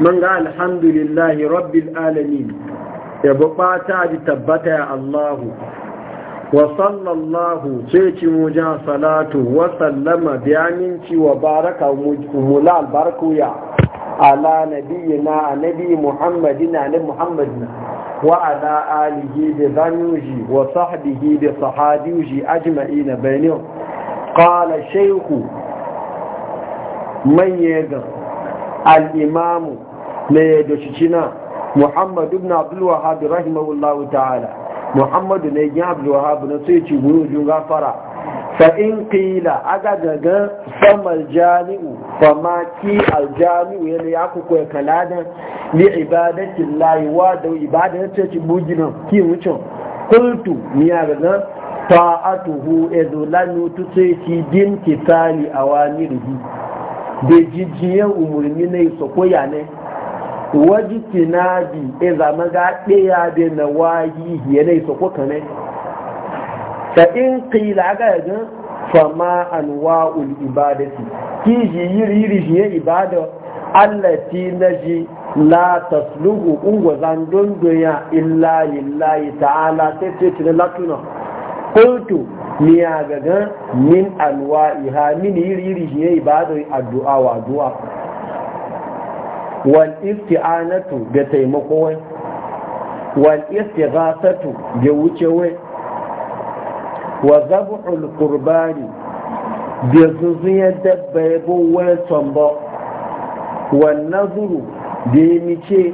man ga alhamdulillahi rabbil alamin ya bukata ji tabbata ya Allahu wa sallallahu sai ci mujan salatu wa sallama biyaminci wa baraka mula albarku ya ala nabiyyina a nabi muhammadina na muhammadina wa ala alihi da zanuji wa sahbihi da sahabiuji ajma'ina bayanin qala shaykhu man yaga al-imamu na ya doshi cina muhammadu ibn abdul haɗu rahimahullahu ta'ala muhammadu ne yin abdul haɗu na sai ci guru jun gafara fa in qila aga jami'u fa ma ki al jami'u yana ya kuku ya kalada li ibadati layuwa da ibadati ta ci bugina ki wucin kultu ni gaga ta'atuhu izlanu ci din kitali awamirihi da jijiyar umarni na yi sokoya ne waji tinabi e zama ga ɗaya da na wayi yanayi su kuka ne ta in kila ga yaga fama anwa'ul ibadati ki ji yiri yiri ibadar ya ibada allati naji la tasluhu ungwa zandon doya illa lillahi ta'ala sai ce na latuna ni miya gaga min anwa'iha min yiri yiri shi ya ibada addu'a wa addu'a wal isti'anatu da taimako wai wal istighasatu da wuce wai wa zab'ul qurbani da zuzuya dabba ya wai tamba wal nazuru da ya mice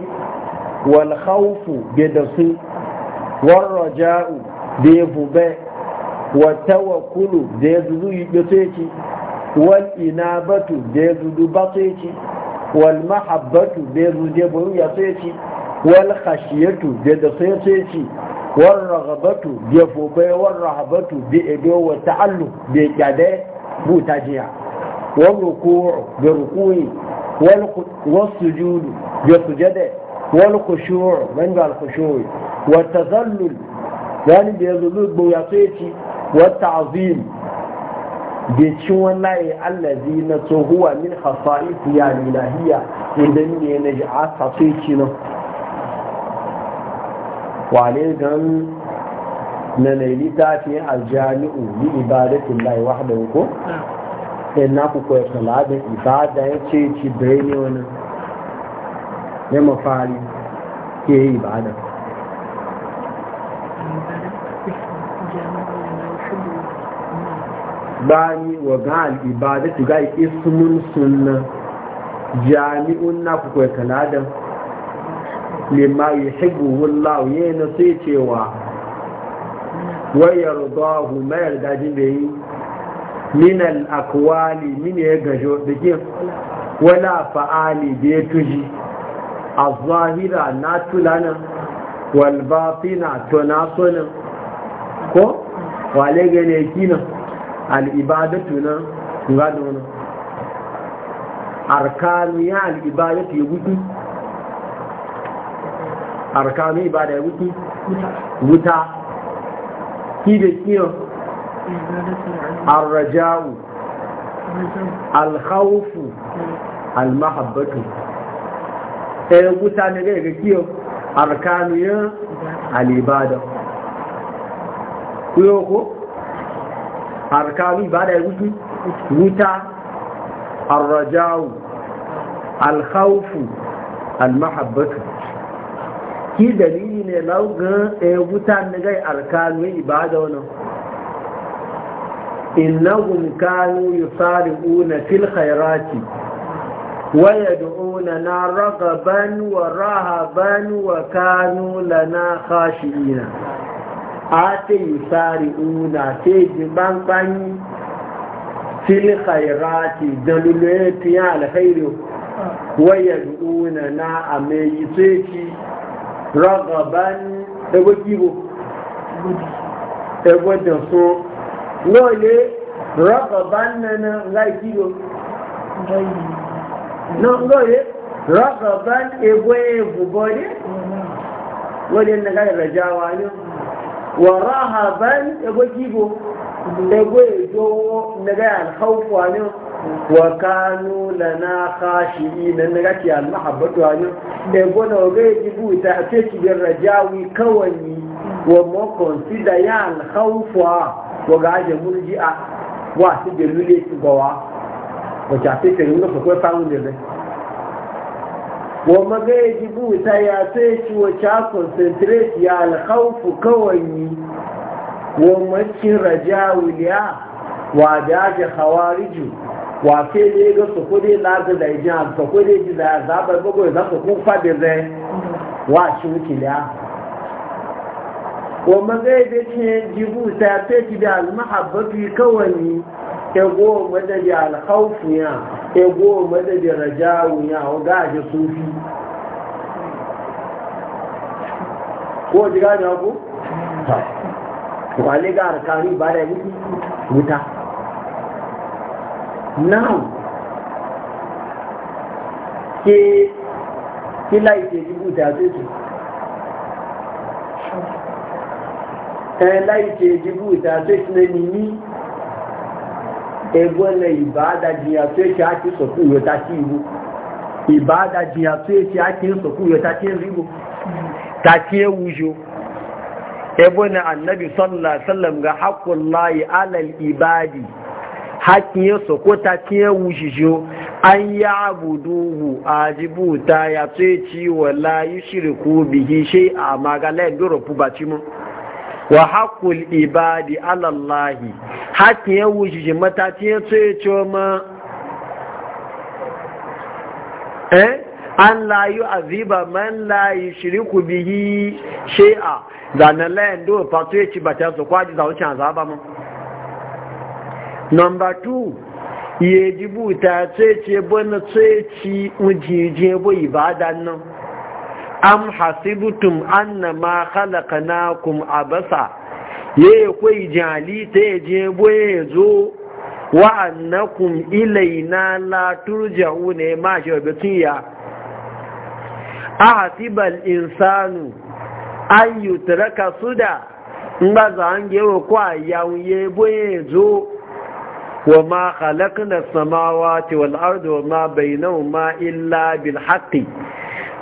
wal khawfu da da su War raja'u da ya bube wa tawakkulu da ya zuzu yi wal inabatu da ya zuzu batsoyi wal mahabbatu bai zuje buru ya sai ci wal khashiyatu bai da sai sai ci wal ragabatu bai fobe wal rahabatu bai edo wa ta'allu bai kyade buta jiya wal ruku'u bai ruku'i wal sujudu bai sujade wal khushu'u ban ga al khushu'u wa tazallul yani bai zulu bu ya sai ci wa ta'zim bai ci wallahi allazi na tsohuwa min hasa'is ya lilahiya idan ne na ji a sai ci nan wale gan na na littafi aljami'u bi ibadatin lahi wahda ko sai eh, na ku saladin ibada ya ce ci bai ne wani ne mafari ke ibada bani wa ga al'ibadatu ga ismun sunna jami'un na ku kai kaladan lima yuhibbu Allah ya nasi cewa wa yardahu ma yarda da yi min al aqwali min ya gajo dake wala fa'ali da ya tuji az na tulana wal batina tunasun ko wale gane kinan al'ibadatu na gado na arkanu ya al'ibadatu ya wuki arkanu ibada ya wuti, wuta ki da kiyo arraja'u alhaufu almahabbatu ɗaya e wuta na gaya ga kiyo arkanu ya al'ibada kuyo ko arkanu ibada ya gudu wuta arrajau alkhawfu almahabbatu ki dalili ne lauga e eh, wuta ne gai arkanu ibada wannan innahum kanu yusari'una fil khairati wa yad'unana ragaban wa rahaban wa kanu lana khashi'ina ate yusari una te jibankani fil khairati dalulu ti ala khairu wa yaduna na ameyi teki ragaban ebo kibo ebo da so no le ragaban na na ngai kibo no no le ragaban ebo ebo bode wani na gai rajawa ne wa rahaban ego kibo ego ejowo naga alhaufu ani wa kanu lana khashi'i na naga ki almahabbatu ani ego na oga ejibu ita ce ki bin rajawi kawani wa mo consider ya alhaufu wa ga aje a wa su da lule su gawa wacce a cikin nuna kwakwai samun da zai wa magaji buta ya sai ci wace concentrate ya alkhawfu kawai wa macin wuliya wa daji hawariju wa ke ne ga su kudi na ga da ijin a su kudi ji da zaɓar gbogbo ya su kufa da zai wa shi wukiliya wa magaji buta ya sai ci da almahabbatu kawai ego madadi alhaufu ya ego madadi rajawu ya ga aje sufi ko ji gane ku Wani ga arkani ba da yi wuta now ke kila ite jibu da zai ẹ láì ṣe ìdìbò ìdásẹ́sílẹ̀ nìyí ebwele ibada ji ya tu eche achi soku yotachi ibu ibada ji ya tu eche achi soku yotachi ibu tachi ewujo ebwele annabi sallallahu sallam ga layi, alal ibadi haki yoso ko ta tie wujijo an ya abuduhu ajibuta ya tie ci wala yushiriku bihi shi, amaga le duro pubachimo wa haƙul ibadi alallahi haƙi ya wuce shi mataci ya ce ce eh, an layu aziba man layi shiriku bihi shi'a zanen layan do fato ya ci ba su kwaji za wuce azaba mu Nomba two ya ji buta ce ce bane ce ci ujijin bu ibadan nan am hasibutum anna ma khalaqnakum abasa ye koi jali te je boye zo wa annakum ilaina la turja'una ma shabe tiya ahasibal insanu an yutraka suda ngba za yi wo kwa yawuye boye zo wa ma khalaqna samawati wal ardi wa ma ma illa bil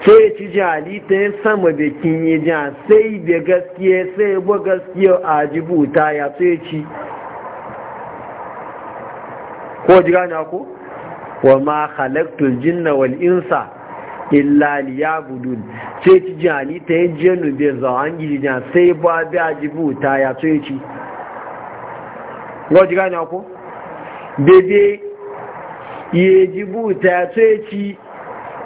sai ci jali ta yin sama da kinye jan sai da gaskiya sai ba gaskiya a jibuta ya sai ci ko ji gani ko wa ma halaktul jinna wal insa illa liyabudun sai ci jali ta yin jenu da zawon gidi jan sai ba da a jibuta ya sai ci ko ji gani ko bebe ya jibuta ya sai ci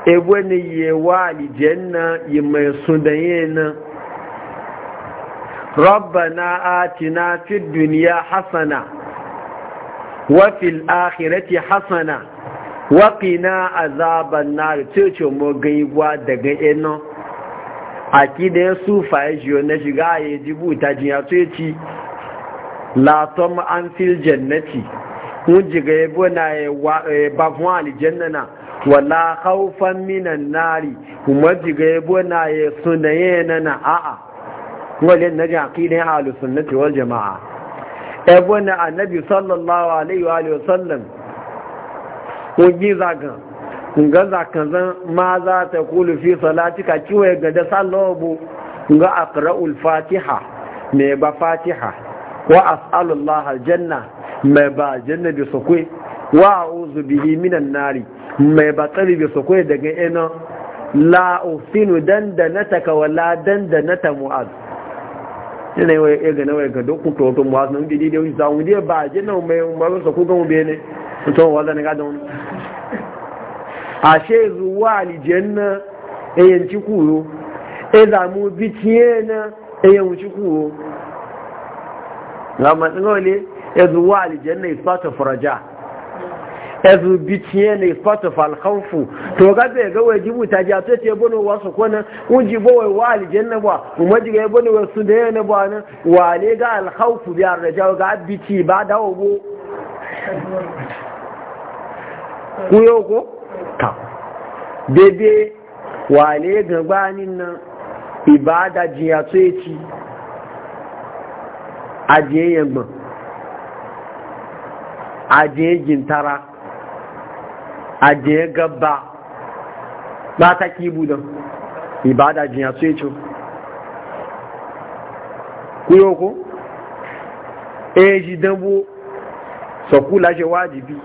ebe ne wa alijanna yi mai sunaye na rabbana atina fid duniya hasana wa fil akhirati hasana wa qina azaban nar cece mo gaiwa daga eno akida e ya sufa jiyo na shiga ya ta jiya ce la latom an fil jannati mun jiga ya gona eh, eh, ba fun alijanna na wala haufan minan nari kuma jiga ya gona ya eh, sunaye na na a'a wale na jin aqidan ahlus sunnati wal jamaa ya gona annabi sallallahu alaihi wa alaihi wasallam kun yi zagan kun ga zakan zan ma za ta kulu fi salatika kiwaye ga da kun ga aqra'ul fatiha mai ba fatiha wa as'alullah aljanna mai ba janna bi su kwe wa uzu bihi minan nari mai ba tsari bi su kwe daga ina la ufinu dandanata ka wala dandanata mu'az ina yi wa ga nawai ga duk kuka mu'az nan didi da wuce samu ba janna mai umaru su kuka mu bene mutum wanda na gadon ashe zuwa alijanna eyan ci kuro e zamu bitiye na eyan ci kuro ga matsalole ezu wa aljanna isfatu faraja ezu bitiye ne isfatu falkhawfu to ga be ga wajibu ta ja to ce bono wasu kona unji bo wai wa aljanna ba kuma ji ga bono su da yana ba nan wa ne ga alkhawfu bi arja ga biti ba dawo bo kuyo ko ta bebe wa ne ga gbanin nan ibada jiya to ci a yan gbọn ajiye gintara ajiye gabba ba ta kibu don ibada jiya su ce co kuyoko eji dambo sakula laje wajibi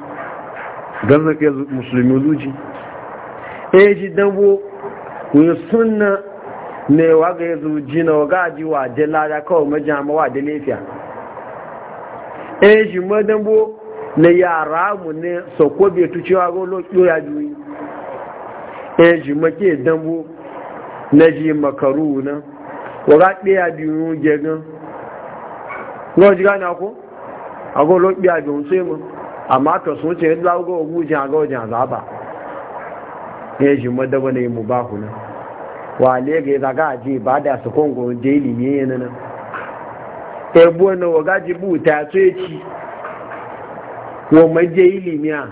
don zafi musulmi zuci eji dambo kuyi suna ne waga ya zuci na waga ji wa jalada kawai majiyar mawa da lafiya eji madambo na yara mu ne sako bai tucewa ga lokacin ya juyi ya e ji make dambo na ji makaru na waga ɗaya biyu gegan ga ji gane ko a ga lokacin ya biyu sai ama amma ka sun ce yadda ga ogujin a ga wajen zaba ya e ji madaba ne mu ba ku na wale ga zaga aji ba da su kongo daily na. yana e nan ebe wani waga ji buta ya so ya wa maje limiya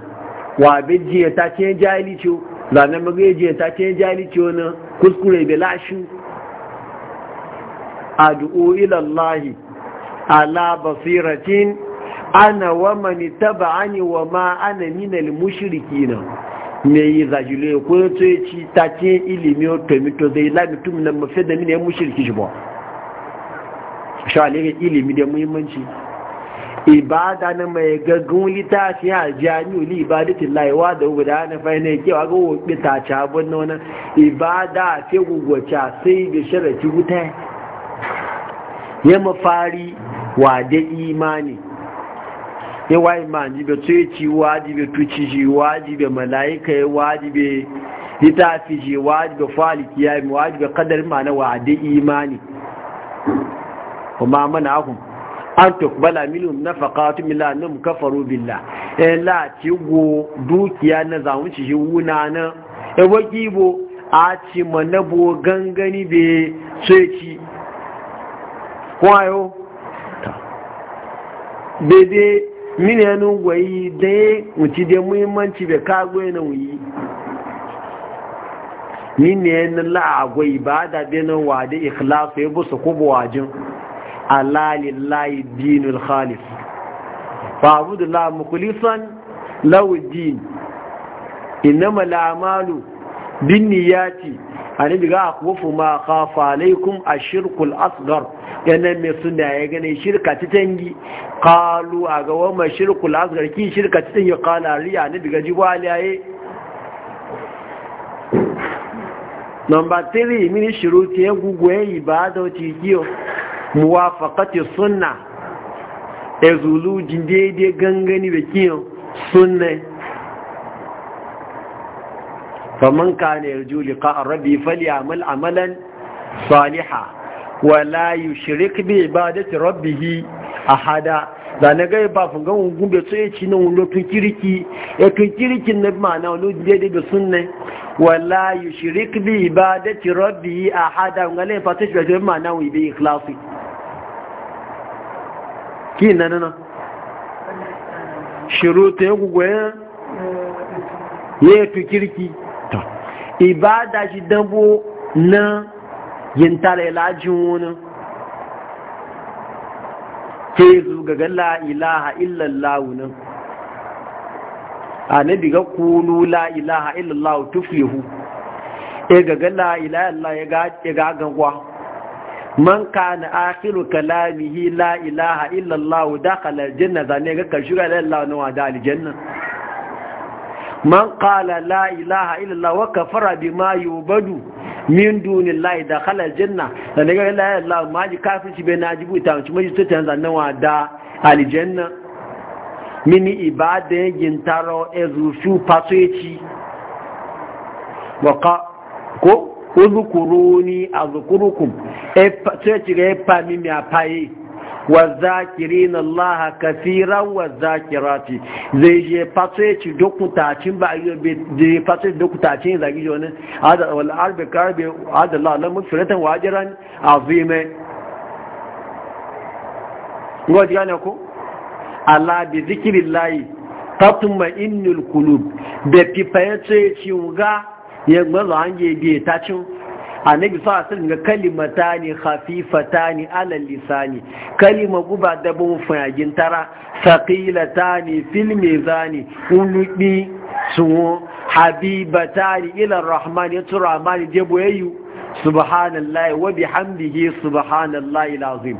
wa jiya ta ce jahilci zane magajiya ta ce jahilci wani kuskure da lashi du'o ilallahi ala basiratin ana wa mani taba ani wa ma ana nina limushiriki na mai yi zajile ko to ya ci ta ce ilimi o tomito zai lamitum na mafi da mini ya mushiriki shi ba shi ilimi da muhimmanci ibada na mai gaggun littafi a jami'u li ibadati laiwa da guda na fainai ke ga wobe ta ci na wani ibada ce gugwace sai da sharafi wuta ya mafari wa da imani ya ba ma ci waji ba tuci ji ba mala'ika ya ba littafi ji ba faliki ya yi ba kadar ma na wa da imani kuma mana ahun an tukbala minhum nafaqatu min annahum kafaru billah eh la ci go dukiya na zamuci shi wuna na e eh, waki bo a ci bo gangani be sai ci kwayo bebe mini yanu gwayi dai mutu dai muhimmanci bai kago yana wuyi mini yanu la'agwai ba da benin wade ikhlasu ya busa kubu wajen alalillahi lillahi dinul khalis fa'budu la mukhlisan lahu din innama la'amalu binniyati annabi biga akwafu ma khafa a ashirkul asghar yana mai suna ya gane shirka ta tangi qalu aga wa ma shirkul asghar ki shirka ta tangi qala riya annabi biga jibali yayi number 3 mini shuruti ya gugwe ibada ti giyo? Muwafakati suna a zulu jindede gangani da kiyan suna kamar ka juli ka'ar rabi fali amal amalan saliha wala yi shirik bai ba da ti rabbi a hada da na gaya ba gan wungun bai tsaye ci na wulo tun kiriki ya e tun kirikin na ma'ana wani daidai da sunne wala yi shirik bi ibadati rabbi a hada wunga lai fata shi wajen ma'ana wuyi bai ikhlasi ki na nana shiru ta yi ya yi tun kiriki ibada shi dambo na yin tare lajin wani ke zu ga la ilaha illallah nan a annabi ga kunu la ilaha illallah tuflihu e ga ga la ilaha illallah ya ga ya ga gangwa man kana akhiru kalamihi la ilaha illallah dakhala aljanna zane ga karshe ga la ilaha nawa da aljanna man qala la ilaha illallah wa kafara bima yubadu min duni dunillahi da khalal janna da daga la la ma ji kafirci bai bu ta ci maji tutan zannan wa da aljanna mini ibada gintaro ezufu wa ka ko uzkuruni azkurukum e pasoci ga pa mimi apai wa zakirin Allah kafiran wa zakirati zai je fato ya ci dokutacin ba yi je fato ya dokutacin zagi joni hada wal arbi karbi hada Allah la mufiratan wa ajran azime ngo ji gane ko Allah bi zikrillahi tatma innul qulub da pipayace ci nga yegba zanje bi tacin annabi sa sun ga kalimata ne khafifata alan lisani kalima guba da bin fayagin tara saqilata ne fil mizani ulubi suwo habibatani ila rahman ya tura mani jebo yayu subhanallahi wa bihamdihi subhanallahi lazim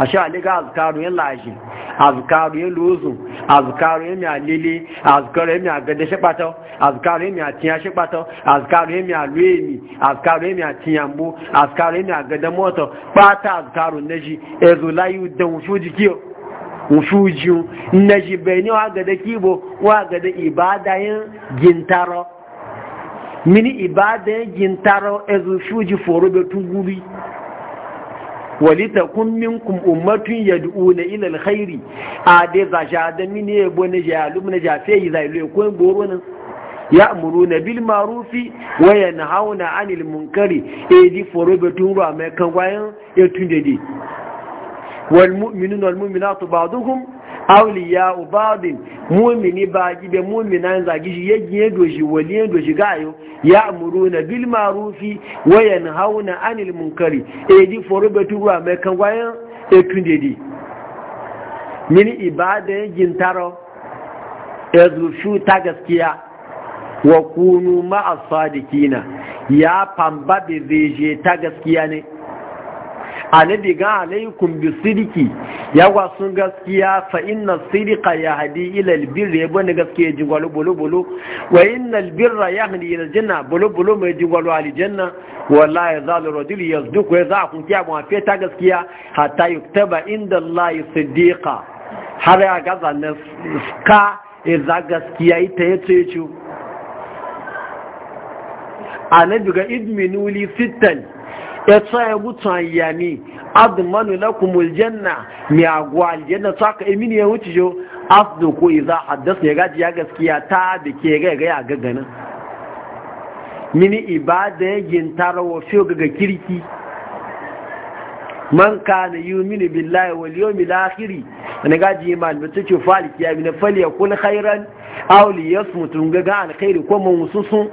Ashe sha aliga azkaru yin lashi azkaru yin luzu azkaru yin miya lili azkaru yin miya gada shi ɓata azkaru yin miya tiya shi ɓata azkaru yin miya luemi azkaru yin miya tiyambo azkaru yin miya gada mota azkaru na ezo layu da wufu jiki wufu jiyo na shi bai ne wa gada kibo wa agade ibada yin gintaro mini ibada yin gintaro ezo shuji forobe da tuguri walita kun minkum ummatun yad'una ila alkhairi a dai za sha da mini ya bone ja alum na ja fe za ilu ko goro nan ya amuruna bil ma'rufi wa yanhauna anil munkari e di foro betun ro amekan wayan e de والمؤمنون والمؤمنات بعضهم awliya ubadin mumini ba gibe mumina zagi shi yagiye doji waliye doji gayo ya amuruna bil marufi wa yanhauna anil munkari e di forobatu ruwa mai kan wayan e tundedi mini ibada gintaro ta gaskiya wa kunu ma'a sadikina ya pamba be ta gaskiya ne annabi ga alaikum bi sidiki ya wasu gaskiya fa inna sidika ya hadi ila albirra ya bani gaskiya ji walu bulu bulu wa inna albirra ya hadi ila janna bulu bulu mai ji gwalo aljanna wallahi zalu rajul yazduku ya za ku kiya mu ta gaskiya hatta yuktaba inda Allah sidiqa har ya ga a ka za gaskiya ita yace yace annabi ga li sittan ya tsaya gutsan yami admanu lakum aljanna mi agwa aljanna ta ka imini ya wuce jo afdu ko idza haddasa ya gaji ya gaskiya ta da ke gaya ya gagana mini ibada ya gintara rawa fiyo ga kirki man kana mini billahi wal yawmil akhir ne gaji iman mutu ce faliki ya bi na fali ya kun khairan aw li mutum ga alkhairi ko mun susun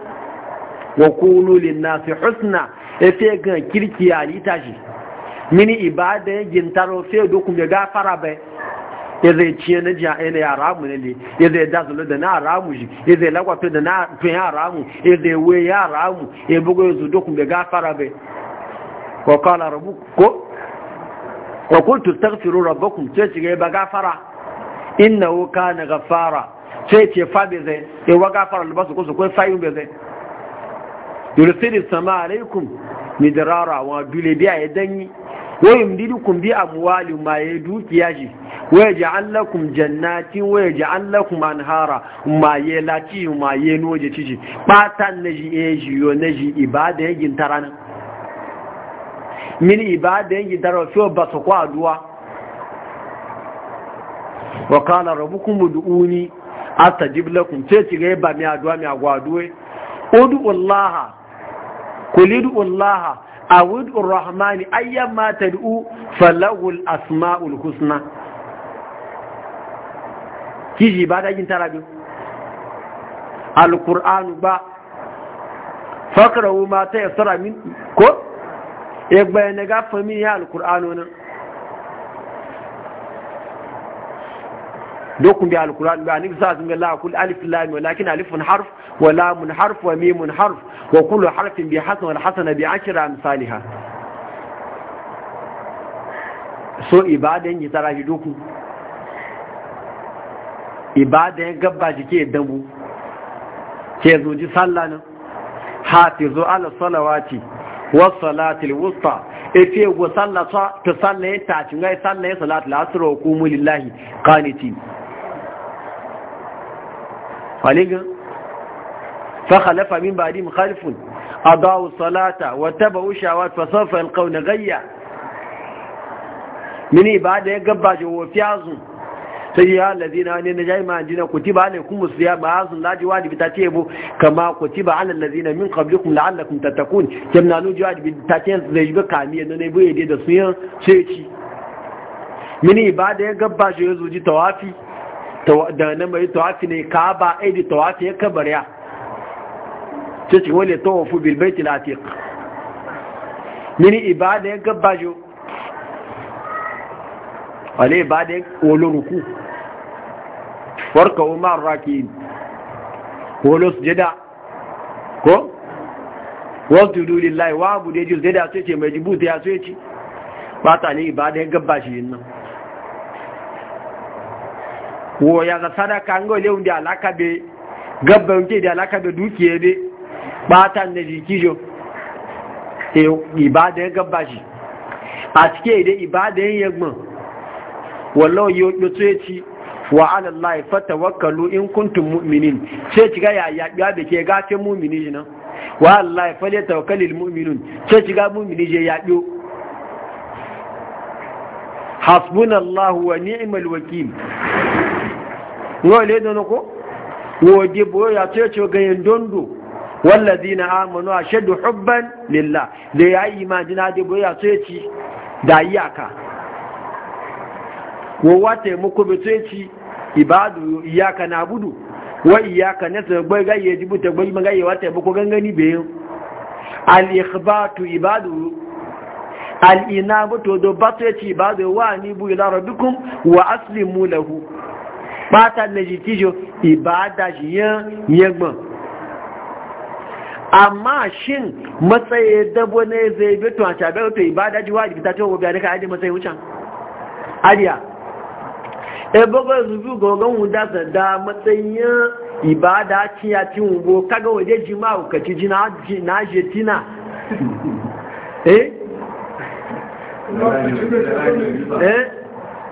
wa kunu linnasi husna efe gan kirkiya ya mini ibada ya gintaro fe doku gafara bai ya zai ciye na jiya ina ya ramu ne ne ya zai dazulu da na ramu shi ya zai lagwato da tun ya ramu ya zai we ya ramu ya buga ya zo doku me gafara bai wa ko wa yursilu sama alaikum midrara wa dule biya ya danyi wa yumdidukum bi amwali ma ya dukiya shi wa yaj'al lakum jannatin ji an lakun manhara ma ya lati ma ya noje ciji batan ji e ji yo ji ibada ya ginta nan min ibada ya gintara so ba su kwa addu'a wa qala rabbukum ud'uni astajib lakum ce ci ga ba mi addu'a mi agwaduwe ud'u Laha. kulidu Allah a wudun rahmani ayyan mata du'u falahul asma'ul husna kiji ba dagin tarabi alkur'anu ba fakarawu mata ya tsara min ko ya bayyana gafa min ya alkur'anu nan dokun bi alquran ba ni sa sun la kul alif lam walakin alifun harf wa lamun harf wa mimun harf wa kullu harfin bi hasan wal hasana bi ashra amsalha so ibadan yi tara shi doku ibadan gabba jike dabu ke zo ji sallah nan hafizu ala salawati was salatil wusta ife e go sallah ta sallaye ta cin ga sallaye salatul asr wa qumu lillahi qanitin faligan fakhalafa min ba'di mukhalifun adawu salata wa tabu shawat fa sawfa yalqawna ghayya Min ibada ya gabbaje wa fiyazu sai ya allazina ne na jaima dina kutiba alaikum musiyam azun laji wajibi ta ce bu kama kutiba ala allazina min qablikum la'allakum tattaqun kimna lu wajibi ta ce zai bi kamiya ne bu yade da su yin sai ci Min ibada ya gabbaje ya zuji tawafi da na mai tawafi ne ka ba a da tawafi ya kabar ya ce cikin wale tawafu bilbaiti latiq mini ibada ya gabajo wale ibada ya wolo ruku warka umar raki'in su jada ko wasu dudu lillahi wa abu da ya ji da su ce mai jibuta ya sai ce ba ta ne ibada ya gabashi yin nan wo ya za sadaka ngo le undi alaka be gabba unke da alaka be dukiye be batan da jikijo e ibada gabba shi a cike da ibada yagbon wallahi yo yo tsoyeci wa ala allahi fatawakkalu in kuntum mu'minin sai ga ya ya ga da ke ce mu'mini jinan wa allahi falyatawakkalul mu'minun sai ga mu'mini je ya biyo hasbunallahu wa ni'mal wakil yau le da ko wode boyo ya ce ce ganyen dondo wallazi na amanu a ọgbọ́n hubban lillah da ya yi imajina da boyo ya ce ci da iyaka kowa taimako bai ce ci ibadu iyaka na budu wa iyaka na tsagbai gaye jibu tagbai magayewa taimako gangani bayan al-ikhbatu ibadu al-inabatu do batati ibadu wa dukun wa aslimu lahu pátá méjì ibada ìbádájì yẹgbọ̀n amma shin matsayi dabo ne zai beto a cabe to ibadaji wa wajibi ta gobe da ka ajiye matsayi wucin ariya e bago zuzu gogon wuda da da matsayin ibada ciya ci wubo kaga waje jima ukaci ji na jetina eh eh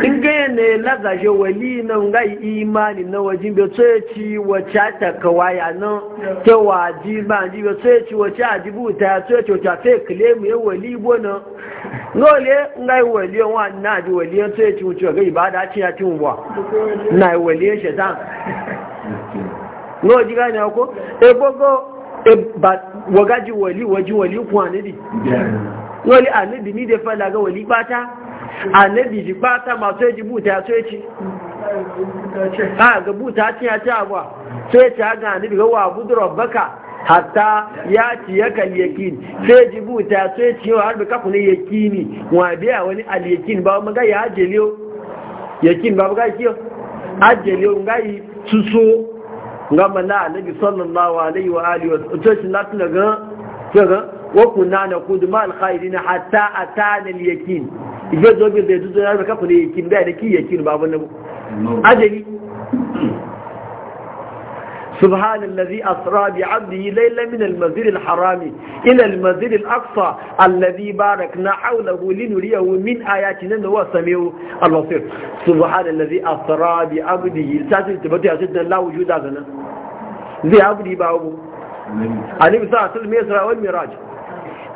ringa ne wali na nga imani na wajin be tsoci wace ta kawaya na ta waji ma ji be tsoci wace a jibu ta tsoci wace ta claim ya wali bona n'ole nga wali wa na ji wali tsoci wace ga ibada ci ya tin wa na wali shetan ngo ji ga ne ko e, e ba wagaji wali wali ni wali bata annabi ji bata masu yaji buta so yaci ha ga buta ci ya ci abuwa so yaci ha ga annabi ga wa budura baka hatta ya ci ya kan yakin sai ji buta so yaci wa harbi kafu ne yakini wa biya wani al-yakin ba mu ga ya jeliyo yakin ba mu ga kiyo ajeliyo ngai suso ngamba na annabi sallallahu alaihi wa alihi wa sallam lati ga ga wa kunna na ma al-khairin hatta atana al-yakin ibe bi zai tuzo ya maka kule yakin da da ki yakin babu nabu ajali سبحان الذي أسرى بعبده ليلا من المسجد الحرام إلى المسجد الأقصى الذي باركنا حوله لنريه من آياتنا أنه سميع البصير سبحان الذي أسرى بعبده ساتل تبتع سيدنا لا وجود هذا ذي عبدي بابو عليه الصلاة والسلام يسرى والمراج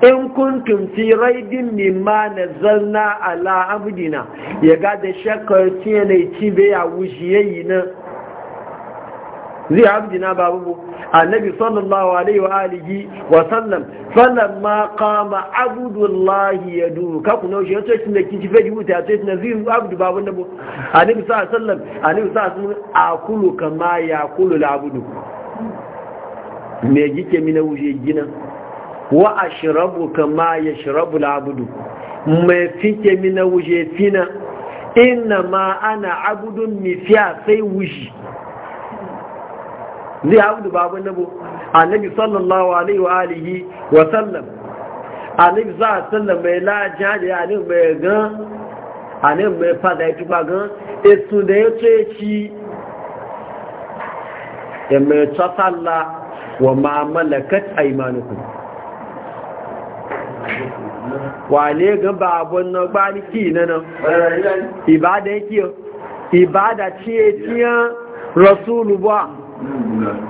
in kuntum fi raidin mimma nazzalna ala abdina ya ga da shakkar tiye ne ci be ya wuce yi na zai abdina bubu annabi sallallahu alaihi wa alihi wa sallam sallam ma qama abdullahi yadu ka ku no shi yato kin da kin ji faji wuta to kin zai abdu babu bu annabi sallallahu alaihi wa sallam annabi sallallahu alaihi wa sallam Kulu kama ya kulu abdu me yake mina wuje gina wa ashrabu kama yashrabu al-abdu mai fike mina wuje fina inna ma ana abudun mifiya sai wuji zai abudu babu nabo annabi sallallahu alaihi wa alihi wa sallam annabi za a sallam mai lajin hajji annabi mai gan annabi mai fada ya tuba gan etu da ya ya ci ya mai tsasalla wa ma malakat wane gan ba abun na gba ni ki na nan ibada ki ibada ciye tiyan rasulu ba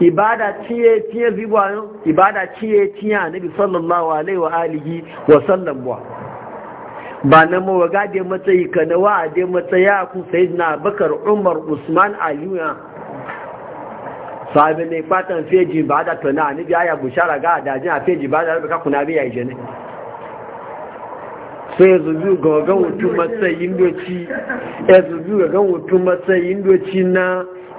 ibada ciye tiyan zibuwa yau ibada ciye tiyan nabi sallallahu alaihi wa alihi wa sallam ba ba na mawaga da matsayi ka na wa matsaya matsayi a sai na bakar umar usman aliyu sahabi ne fatan feji ba da tana ni biya ya bushara ga adajin a feji ba da rabu kakuna biya ije ne sai ya zubi ga wagan hutun matsayin doci ya zubi ga gan hutun matsayin doci na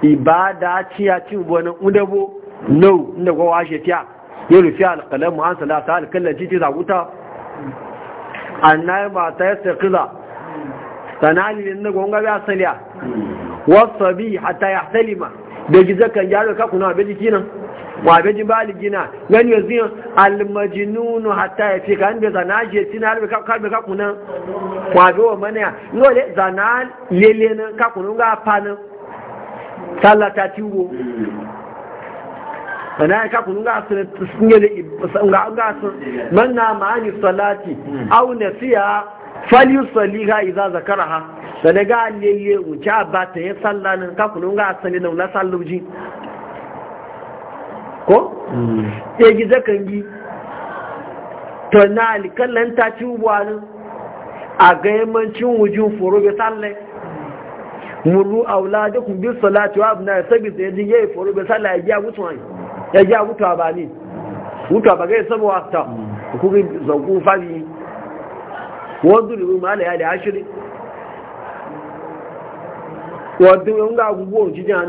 ibada ci ciya cin wani udabo no inda kwa washe tiya ya rufi alƙalamu an salata alƙalar titi zaguta an na yi mata ya tsirkiza sanali ne na gonga ya saliya wasu bi hatta ya salima da gizar kan kakuna abin jiki nan wa be ji gina gani yanzu almajnunu hatta ya fi kan be zana je tin har ka kalbe ka kuna wa be wa mana no le zana lele nan ka kunu ga fana sallata tiwo mana ka kunu ga sun sunye le ga ga sun manna ni salati au nasiya ga idza zakaraha sanaga lele wuce ba ta yi sallanin ka kunu ga sanin na ji ko? ya mm. gi zakan gi to na alikallan ta ci wani a ga yammancin wujin foro bai tsalle muru a wula da kun bi salatu wa abinai sabi da yadda ya yi foro bai tsalle ya giya mutuwa ya giya mutuwa ba ne mutuwa ba ga yi sabo ta mm. kuma zanku fari wadda rubin ma da ya da ashirin wadda yunga gugu jijiyar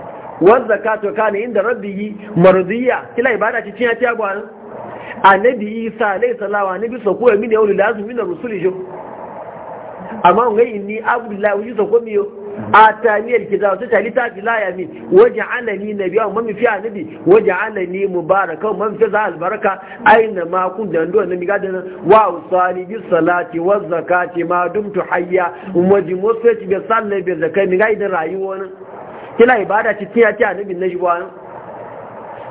wanda zakatu ne inda rabbihi marziya kila ibada ci cin ya gwanin annabi isa alayhi salamu annabi so ko mini yau lazim min rusuli jo amma ngai inni abdullahi wuji so ko mi yo atani al-kitab ta talita tilaya min waj'alani nabiyyan man fi annabi waj'alani mubarakan man fi zal baraka aina ma kun da ndo annabi gadan wa usali bis salati wa zakati ma dumtu hayya umma jimosa bi salli bi zakati ngai da rayuwa na. kila ibada ci tiya ci annabi na jiwa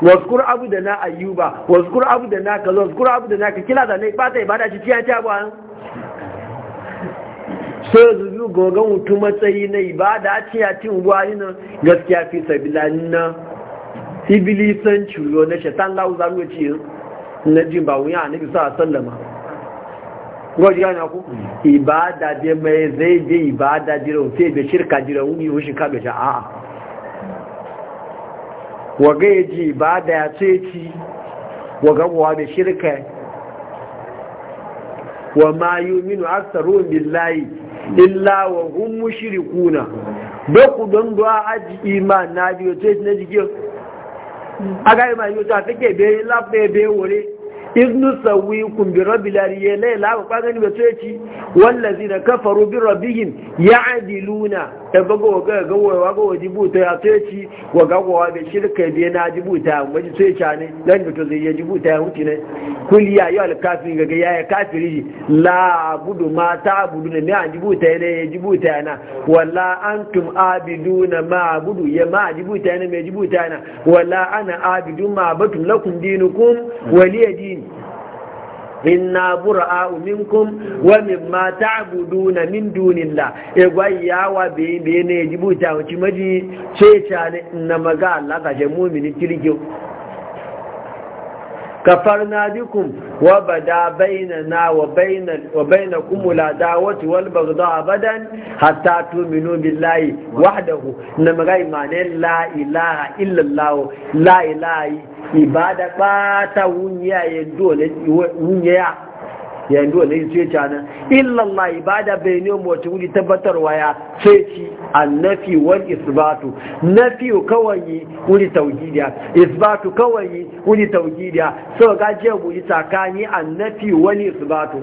wazkur abu da na ayyuba wazkur abu da na kaza wazkur abu da na ka kila da ne ba ta ibada ci tiya ci abu sai zuzu gogon mutu matsayi na ibada ci ya cin wani na. gaskiya fi sabila na ibilisan curo na shaitan lawu zaruwa ci na jin ba wuya annabi sa sallama gwaji yana ku mm. ibada bi mai zai bi ibada jiran sai bi shirka jira wuni wushin kaga ja'a waga ya ji ba da ya ce ci waga wa da shirka wa ma minu aktsaruhum billahi illa wa hum mushrikuna da ku don duwa aji iman na biyo ce na jikin aga yi yau ta take be lafe be wuri iznu sawikum bi rabi lariye la ba ga ni ce ci da kafaru bi ya adiluna ga waga ga wawa ga waji buta ya ci wa wawa da shirka biye na ji buta sai tsoci ne dan mutu zai ya ji buta ya huti ne kul ya yi kafin ga ya ya kafiri la budu ma ta budu ne an ji buta ne ya ji buta na wala antum abiduna ma budu ya ma ji buta ne mai ji buta na wala ana abidu ma batum lakum dinukum waliya dini inna bura'a minkum wa mimma ta'buduna min dunillah e gwayya wa be be ne jibuta wuci maji ce ta na maga Allah ka je mu'mini kirgin كفرنا بكم وبدا بيننا وبين وبينكم العداوة والبغضاء أبدا حتى تؤمنوا بالله وحده إنما غير لا إله إلا الله لا إله ibada ta wunya ya dole wunya ya dole sai ce nan illa Allah ibada bai ne mu wata wuri tabbatarwa ya sai ci annafi wal isbatu nafi kawai wuri tauhidiya isbatu kawai wuri tauhidiya so ga je mu yi tsakani annafi wal isbatu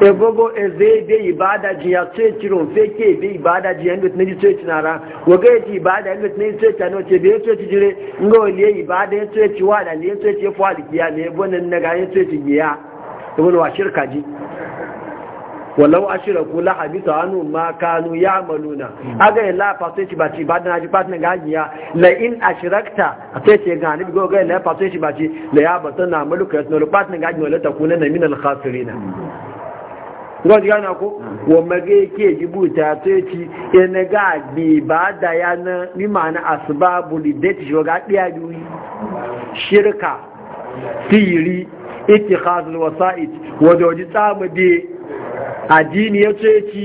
ebogo eze be ibada ji ya tse kiron feke be ibada ji yanzu ne tse tinara waga ya ji ibada yanzu ne tse ta no ce be tse ti nga ngo le ibada ya tse ti wala le tse ti fa di ya ne bonan na ga ya tse ti ya ibn wa shirka ji walau ku la habita anu ma kanu ya'maluna aga ila fato ci baci dana ji badan gajiya la in ashrakta sai ce ga ni go ga la fato ci baci la ya batana maluka yasnul badan gajiya la takuna min al khasirina wọ́n gánà kó wọ́n mẹ́gẹ́ kí èjì bú ìtàtọ́ ẹ̀kí ẹnẹgá àgbì ìbáadà ya náà mímọ̀ ní àṣìbáàbù lè dẹ́tì ṣọ́gá pé àdúrí ṣírkà tí ìrí wọ́n jọ jí táàmù dé àdíniyẹ́ tó ẹ̀kí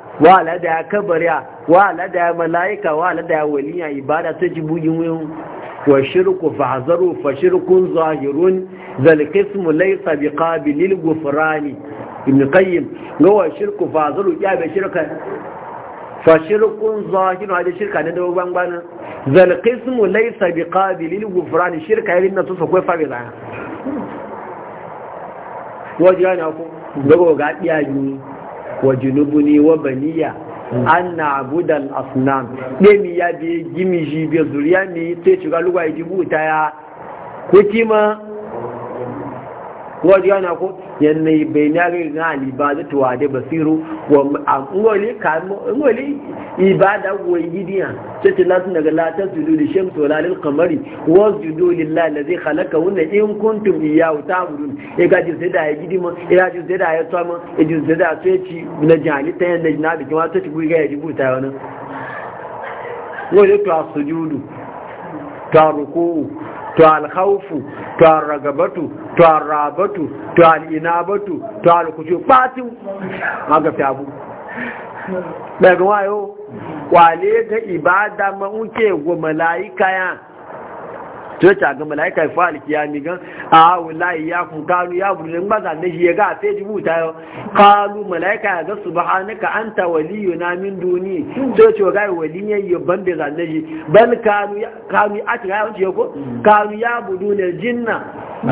Wa al'ada ya kabariya wa al'ada ya mala'ika wa al'ada ya waliya ibada ta ji bugin wuyin wa shirku fa'azaru fa shirkun zahirun zalkismu laisa bi qabilil gufrani ibn kayyim ga wa shirku fa'azaru ya bai shirka fa shirkun zahirun hada shirka ne da bangbana zalkismu laisa bi qabilil gufrani shirka yari na tusa kwai fa zaya ga wa junubuni wa baniya an na abudan asnam mi ya biye gimi shi biya zuriya mi sai shiga lugwa ya ta ya ya kutima wọ́n yọ́ na kó yẹn na ìbẹ̀ na agbègbè náà àlìbá basiru wa dé basiru ngole ibada wo yidiya sai ta lasu daga latar judo da shamsu wa kamari wa judo lillahi da zai halaka wanda in kuntum iya wuta gudun ya e gaji sai da ya gidi ma ya gaji sai da ya tsama ya e gaji sai da ya ci na jihali ta yadda jina da kima tsoci guri ga ya jibu ta wani ngole to a sujudu ta ruku to alhaufu to ragabatu to rabatu to al'inabatu to alkuci fatin magafi abu daga wayo Wale ga ibada ma uke go malaika ya sai ta ga malaika fa alkiyami gan a wallahi ya kun kanu ya burin maza ne shi ya ga sai dubu ta yo kalu malaika ga subhanaka anta waliyuna min duni sai ce ga waliyan ya bande zan ne shi bal kanu kanu a tira ya ko kanu ya ne jinna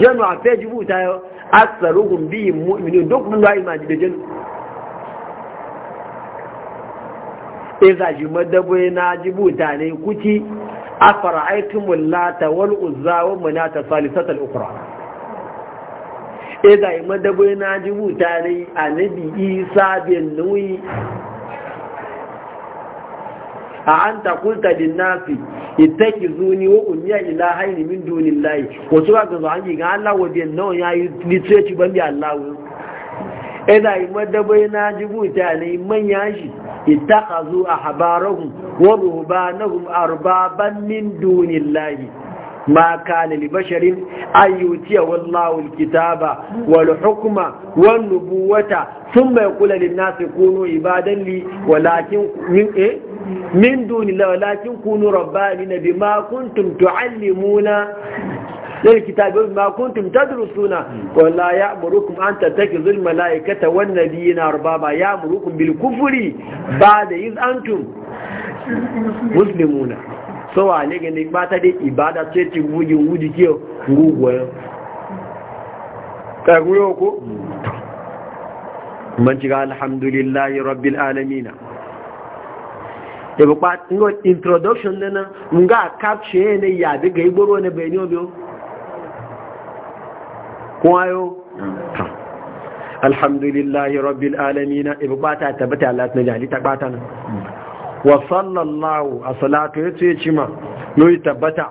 janu a sai dubu ta yo aktsaruhum bihim mu'minun duk mun da imani da jinna Eza shi madabai na jibuta ne afara'aitumul lata wal uzza wa manata salisatal ukhra idan yi madabai na ji mutane a annabi isa bin nuyi a an takulta lin nasi itaki zuni wa umiya ilahaini min dunillahi wasu ga gazo an yi ga Allah wa bin nawa ya yi litsaci ban bi Allah idan yi madabai na ji mutane manyan shi ittakhadhu ahbarahum wa ruhbanahum arbaban min dunillahi ما كان لبشر أن يؤتيه الله الكتاب والحكم والنبوة ثم يقول للناس كونوا عبادا لي ولكن من إيه؟ من دون الله ولكن كونوا ربانين بما كنتم تعلمون lil kitabi ma kuntum tadrusuna wala ya'murukum an tattakhizul malaikata wan nabiyina arbaba ya'murukum bil kufri ba'da iz antum muslimuna so wa ne ga ne ba ta dai ibada ce ti wuji wuji ke ngugoyo ta guyo ko man ci alhamdulillahi rabbil alamin da ba introduction nana nga capture ne ya daga igboro ne bayani obio kwayo alhamdulillahi rabbil alamina ibu bata tabbata Allah na jali ta nan mm. wa sallallahu a salatu ya ce cima yoyi tabbata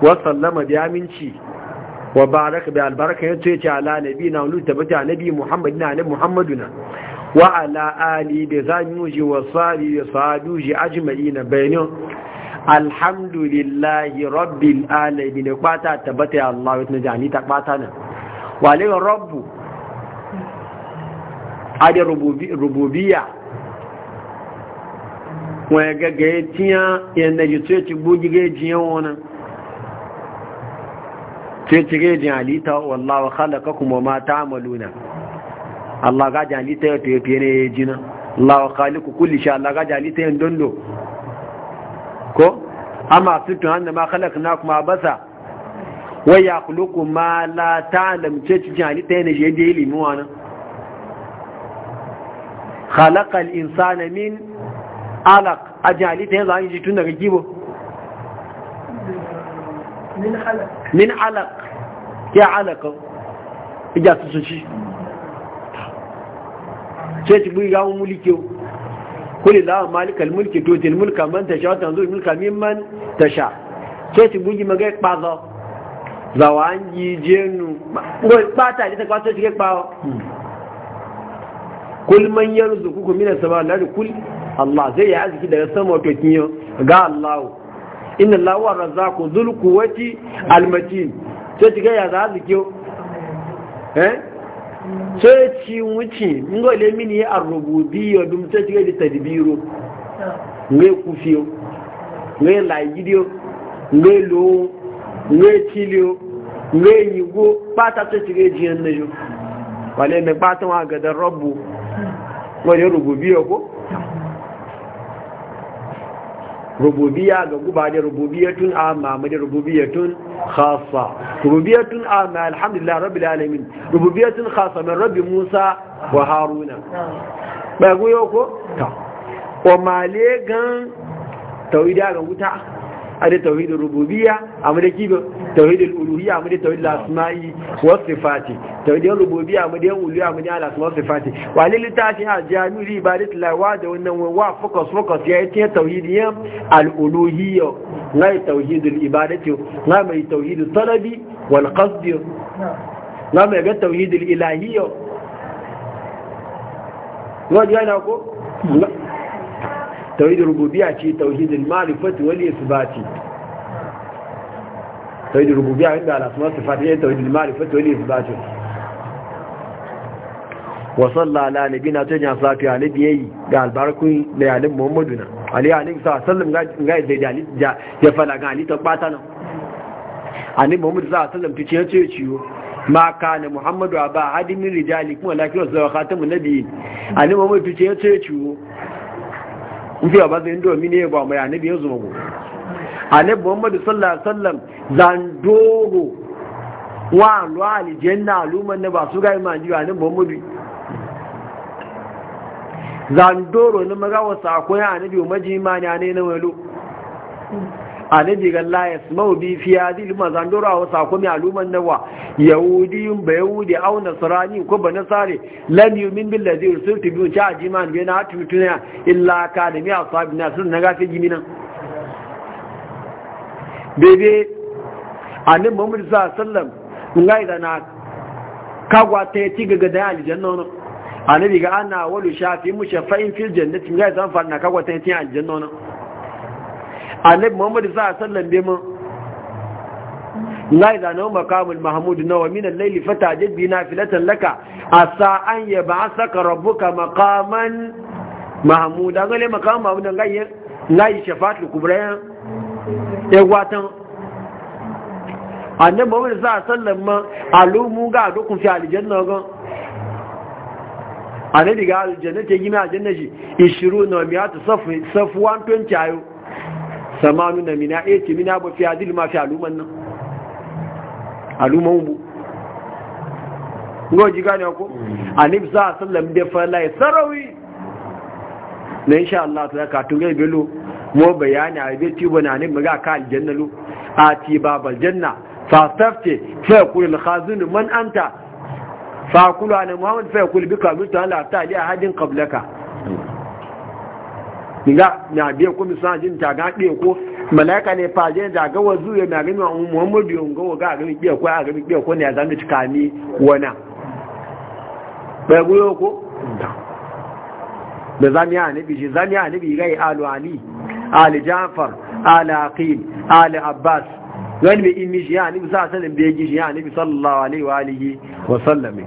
wa sallama bi aminci wa baraka bi albaraka ya ce ce ala nabi na wani tabbata nabi muhammad na nabi muhammaduna wa ala ali da zanuji wa sari da saduji ajma'ina bayanin alhamdulillahi rabbil alamin ya tabbata Allah ya jali ta nan walewa rabbu ade rububiya wọ́n gẹ́gẹ́ ya tíyà yẹnẹ̀jì tó ti gbógi gẹ́jì wọn tó ti gẹ́jì halitta wallawa khalaka kuma ma ta amaluna Allah gajin halitta ya to ya fiye ne ya jina Allah wa khaliku kulli sha Allah gajin halitta ya dondo ko amma sutun hannu ma khalaka na kuma basa wai ya kuluku ma la ta'lam ce cikin halitta yana shi yadda ya limi wani khalaqal insana min alaq a jin halitta yanzu an ji tun daga kibo min alaq ke alakan ija su su ci ce ci bu gawon mulki kuli lawa malikal mulki tutil mulka man tasha wata zuwa mulka ta tasha ce ci bugi magai kpazo zawangi jenu bata ita kwato cike bawo hmm. kul man yarzuqukum min sama la kul Allah zai ya aziki daga sama to kinyo ga Allah inna Allah wa razzaqu dhul quwwati al matin sai cike ya za aziki eh sai ci wuci ngo le mini ya arububiyyo dum sai cike di tadbiru hmm. ngai kufiyo ngai la gidiyo ngai lo nwe tilio nwe yigo pata to tire jiyan na yo wale rògbò bí wa ga da rabbu wale rububiyya ko rububiyya ga guba da rububiyyatun ma da rububiyyatun khassa rububiyyatun amma alhamdulillah rabbil alamin tún khassa mẹ rabbi musa wa haruna ba goyo ko ta o male gan tawida ga wuta ada tauhidin rububiyya a mu da kibe tauhidin uluhiyya a mu da tauhidin asma'i wa sifati tauhidin rububiyya a mu da uluhiyya a mu da asma'i wa sifati wa lil tashi a jami'i ibadatul wa da wannan wa focus focus ya yi tauhidiyya al uluhiyya ngai tauhidul ibadati ngai mai tauhidul talabi wal qasdi ngai mai ga tauhidul ilahiyya wajen yana ko tauhidin rububiya ce tauhidin marifati wal isbati tauhidin rububiya inda al su sifati ne tauhidin marifati wal isbati wa sallallahu ala nabina ta jan safi alibi yayi ga albarkun da yalin muhammadu na ali alim sa sallam ga ga da ali ya fala ga ali ta bata nan ali muhammadu sa sallam fi ce ce ciwo ma kana muhammadu aba hadimin rijali kuma lakin wasu khatamun nabiyyin ali muhammadu fi ce ce ciwo nfi ba zai ndo mini ba mai annabi ya zuma go annabi muhammadu sallallahu alaihi wasallam zandoro wa lo aljanna aluman ne ba su ga iman ji annabi muhammadu zandoro ne maga wasa ko ya annabi umaji imani ne na welo diga la ya layas bi fi ya zai lima zandora wa sako mai aluman nawa yahudi ba yahudi aw nasrani ko ba nasare lam yumin bil ladhi ursiltu bi ta jiman bi na tutuna illa ka da mi asabi na sun naga gafe jimina bebe annabi muhammad sallallahu alaihi wasallam ngai da na kagwa ta yi gaga da aljanna no annabi ga ana walu shafi mushafa'in fil jannati ngai zan fa na kagwa ta yi aljanna no annabi muhammad za a sallan be mun lai da nawa makamul mahmud nawa min al-layl fatajid bi nafilatan laka asa an yab'asaka rabbuka maqaman mahmud an gale maqam mahmud an gaye lai shafatul kubra ya watan annabi muhammad za a sallan ma alumu ga dukun fi aljanna gan a na diga aljanna ta gina aljanna shi 20 na miyatu safu 120 ayo samanu na mina e ce mina ba fi adil ma fi aluman nan alumanmu bu ji gane ko mm. anib za sallam da fala sarawi na insha Allah ta ka tungai belo mo bayani a bi tibo na anib maga ka aljanna lo ti babal janna fa tafti fa yaqul al khazin man anta fa aqulu ana muhammad fa yaqul bika bi ta ala ta li ahadin qablaka mm. nga na biya ko suna jin ta ga ko malaka ne fa da ga wazu ya na gani Muhammadu yon ga ga ga biya ko ga biya ko ne a ya cika ni wana bai guyo ko da a nabi shi, zami a nabi gai alu ali ali jafar ali aqil ali abbas wani bi shi ya nabi sa sanin bai gishi ya nabi sallallahu alaihi wa alihi wa sallame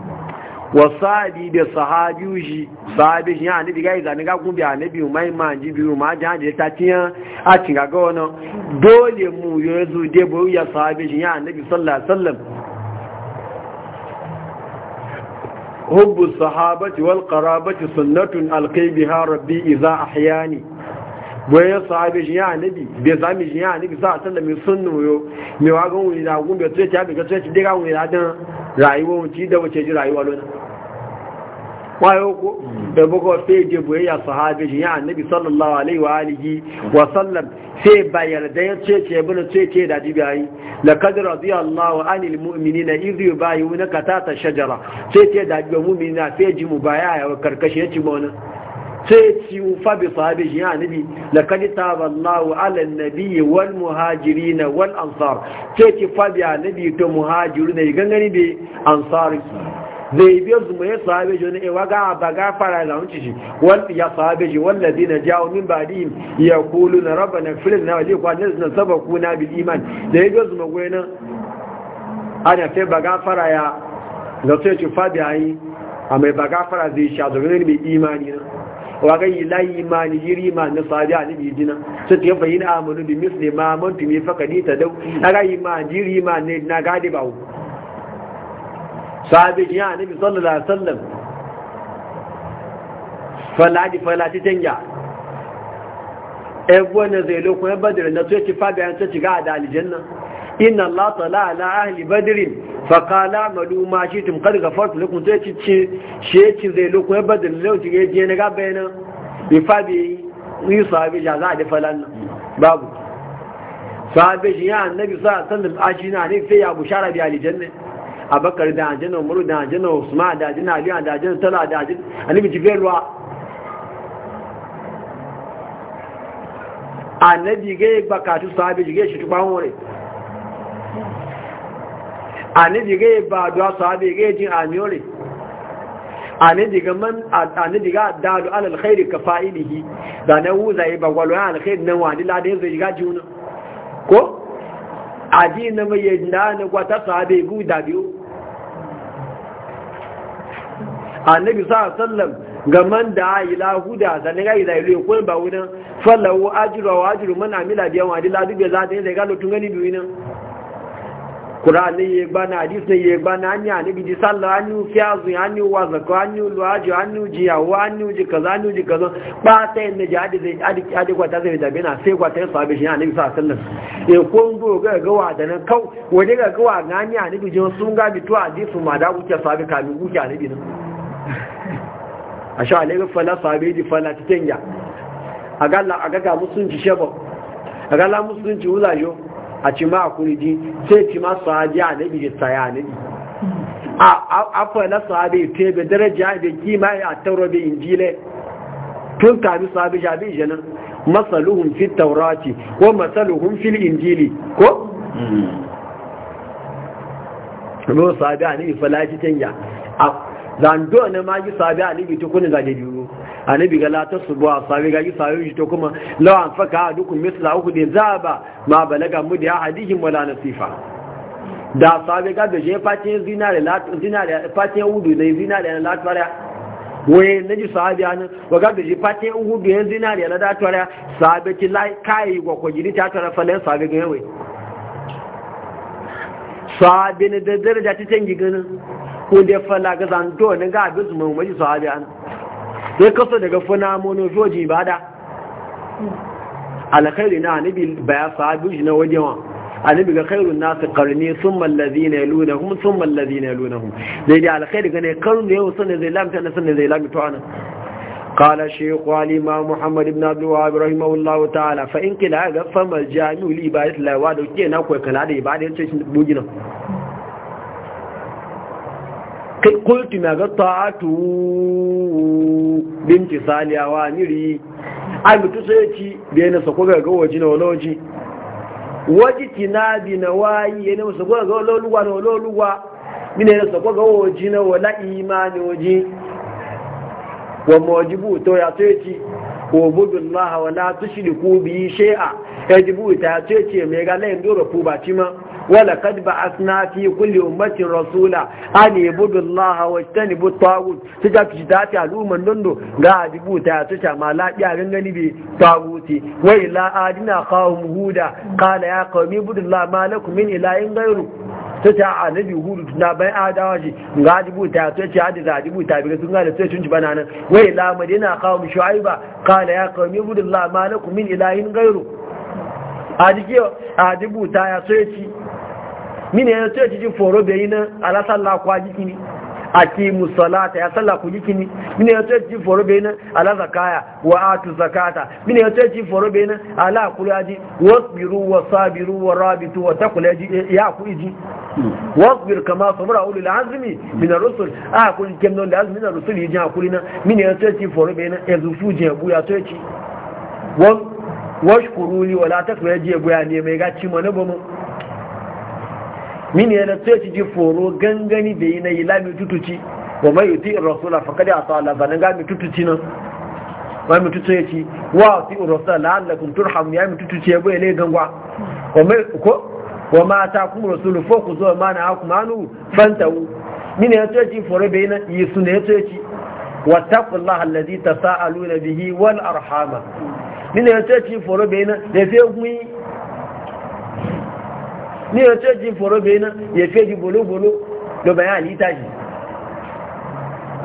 wa sahabi da sahabi shi sahabi shi ya ne diga izani ga kun bi anabi mai ma ji bi ma ja je ta tiya a tin ga gono dole mu yanzu dai bo ya sahabi shi ya annabi sallallahu alaihi hubbu sahabati wal karabati sunnatun alqi biha rabbi idha ahyani boye sahabi shi ya annabi be zami shi ya annabi sallallahu alaihi wasallam sunnu yo me wa gon wi da gun be tuce ta be ga tuce de ga wi rayuwa wuce da wuce ji rayuwa lona kwayo ko da bugo sai je boye ya sahabi shi ya annabi sallallahu alaihi wa alihi wa sallam sai bayar da ya ce ce bin ce ce da dibi ayi laqad radiyallahu anil mu'minina idh ka ta shajara sai ce da dibi mu'minina sai ji mu baya ya karkashe ya ci wani. sai ciwo fabi sahabi shi ya nabi da kadi taballahu ala nabi wal muhajiri na wal ansar sai ci fabi a nabi to muhajiru na gangani bai ansari zai biyo zuma ya sahabe shi wani ewa ga ba ga fara da hunci shi wani ya sahabe shi wallazi na jawo min ba di ya kulu na raba na filin na waje kwanan na saba kuna bil iman da ya biyo zuma goyi nan ana fe ba ga fara ya ga sai ci fabi a yi a mai ba ga fara zai sha zama ne mai imani na wagai layi ma ni jiri ma na sabi a nabi jina su ta yafa yin amanu bi misli ma mantu mai fakadi ta dau na rayi ma jiri ma ne na gadi ba wu sabi jiya a nabi sallallahu alaihi wasallam faladi falati canja ebuwa na zai lokun ya badira na so ya ci fabi an ta ci ga da alijanna inna Allah tala ala ahli badrin fa qala malu ma shitum qad ghafartu lakum ta ci ci shi zai lokun ya badr lau ci ga je na ga bayana bi fabi ni sahabi ja za da falan babu sahabi shi ya annabi sallallahu alaihi wasallam ajina ne sai ya bushara bi aljanna abakar da aljanna umar da aljanna usman da aljanna ali da aljanna tala da aljanna annabi jibril ruwa. annabi ga bakatu sahabi ga shi tukwan wore annabi ga e ba addu'a sahabi ga e jin amiyore annabi ga man annabi ga dadu alal khairi ka fa'ilihi da na wuza e ba gwalo ya alkhair nan wani ladan zai ga juna ko aji na mai da na gwata sahabi gu da biyu annabi sa sallam ga man da ila huda da ne ga da ile ko ba wurin fallahu ajru wa ajru man amila biyan wani ladan zai ga lutun gani biyu nan kurani ye gbana hadisi ye gbana anyi anibi ji sallah anyi fiyazu hannu wazako hannu luwaji hannu jiyawo hannu ji hannu anyi ba ta yin naji adi zai dabe na sai kwata yin sabi shi anibi sa sallah e ko ga gawa da nan kau waje ga gawa ga anyi anibi ji sun ga bitu ma da sabi kamin nan a sha alaikum fala sabi ji fala a ga musulunci shebo a a ci ma kuriji sai ci ma sahabi a nabi ya tsaya nabi a afa na sahabi ta be daraja be kima ya tauro be injile tun kami sahabi ja be janan masaluhum fi taurati ko masaluhum fil injili ko ko sahabi a nabi falaji tanya zando na magi sahabi a nabi tukunin zaje biyu annabi ga la tasbu asabi ga yi sayu to kuma a an faka adukum misla za ba ma balaga ya hadihin wala sifa. da sami ga je fatin zinare la hudu na udu zinare na tsara wani na ji sahabi hannun wa ga je fatin udu da zinare la da tsara sabi ki lai kai go ko gidi ta tsara falan sabi ga yawe sabi na da daraja ta tangi ganin ko da fala ga zan to ga abin su mu maji sahabi hannun sai kaso daga funa monozoji ba da alkhairu na anabi baya sahabi shi na wajewa anabi ga khairun nasu karni sun mallazi na yalu da kuma sun mallazi na yalu na hun zai da alkhairu gane karni da yau sun da zai lamta na sun da zai lamta wa nan قال شيخ الإمام محمد بن عبد الوهاب رحمه الله تعالى فإن كلا غفم الجامع لإبادة الله وادو كينا كوي كلا لإبادة يتشن بوجينا kai kulti na ga ta'atu binti saliyawa niri a mutu sai ci da yana sako ga ga waje na waloji waje tinabi na wayi yana masa ga ga waloluwa na waloluwa mina yana sako ga waje na wala imani waje wa mawajibu to ya sai ci wa budullaha wala tushriku bi shay'a yajibu ta ce ce mai ga layin dora ku ba ci ma wala kad ba asna fi kulli ummatin rasula an yabudu Allah wa tanibu tagut ta ta ci ta ta al'umman dondo ga yajibu ta ce ta ma lafiya gangani bi taguti wa ila adina qawm huda qala ya qawmi budu Allah ma min ilahin ghayru ta ta annabi hudu na bai adawa shi ga yajibu ta ce ta da yajibu ta bi sun ga da sai sun bana nan wa ila madina qawm shuaiba qala ya qawmi budu Allah ma min ilahin ghayru adigiyo adibuta ya soyaci mini ya soyaci jin foro bayi na alasalla kwa jikini aki musalata ya salla ku jikini mini ya soyaci jin foro bayi na ala zakaya wa atu zakata mini ya eci jin foro bayi na ala ji wasbiru wa sabiru wa rabitu wa takulaji ya ku iji wasbir kama sabra ulul azmi min ar-rusul a kun don da azmi min ar ji akuri na. mini ya eci foro bayi na ezufu ya bu ya eci. wan washkuru li wala takfuru je goya ne mai gaci mana bamu min yana sai ci ji foro gangani da yana yi lami tutuci wa mai yuti rasula faqad ata Allah banan ga mi tutuci nan wa mi tutuci yaci wa ti rasula la'allakum turham ya mi tutuci ya goya le gangwa wa mai ko wa ma ta kuma rasulu fo ku zo ma na haku manu fantahu min yana sai ci foro na yi su sunne sai ci wattaqullaha allazi tasaaluna bihi wal arhama nínú ẹ̀tẹ́ ti fọ̀rọ̀bẹ̀ iná lẹ́fẹ́ gún ní ẹ̀tẹ́ ti fọ̀rọ̀bẹ̀ iná lẹ́fẹ́ di bolóbolo lọ́bẹ̀ yà ní ìtàjì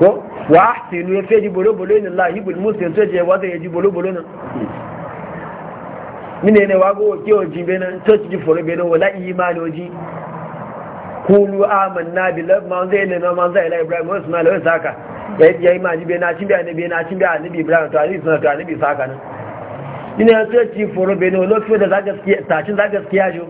kọ́ wà á sì ní ẹ̀fẹ́ di bolóbolo ní láà yìí bùn mùsùlùmí tó jẹ wáṣẹ̀ yẹ di bolóbolo náà nínú ẹ̀nà wá gbówó kí òjì bẹ́ náà tó ti di fọ̀rọ̀bẹ̀ ibrahim wọ́n sì máa lọ́wọ́ sáka yẹ́ ibrahim ina ya so ci foro bene wani fiye da tashin za gaskiya jo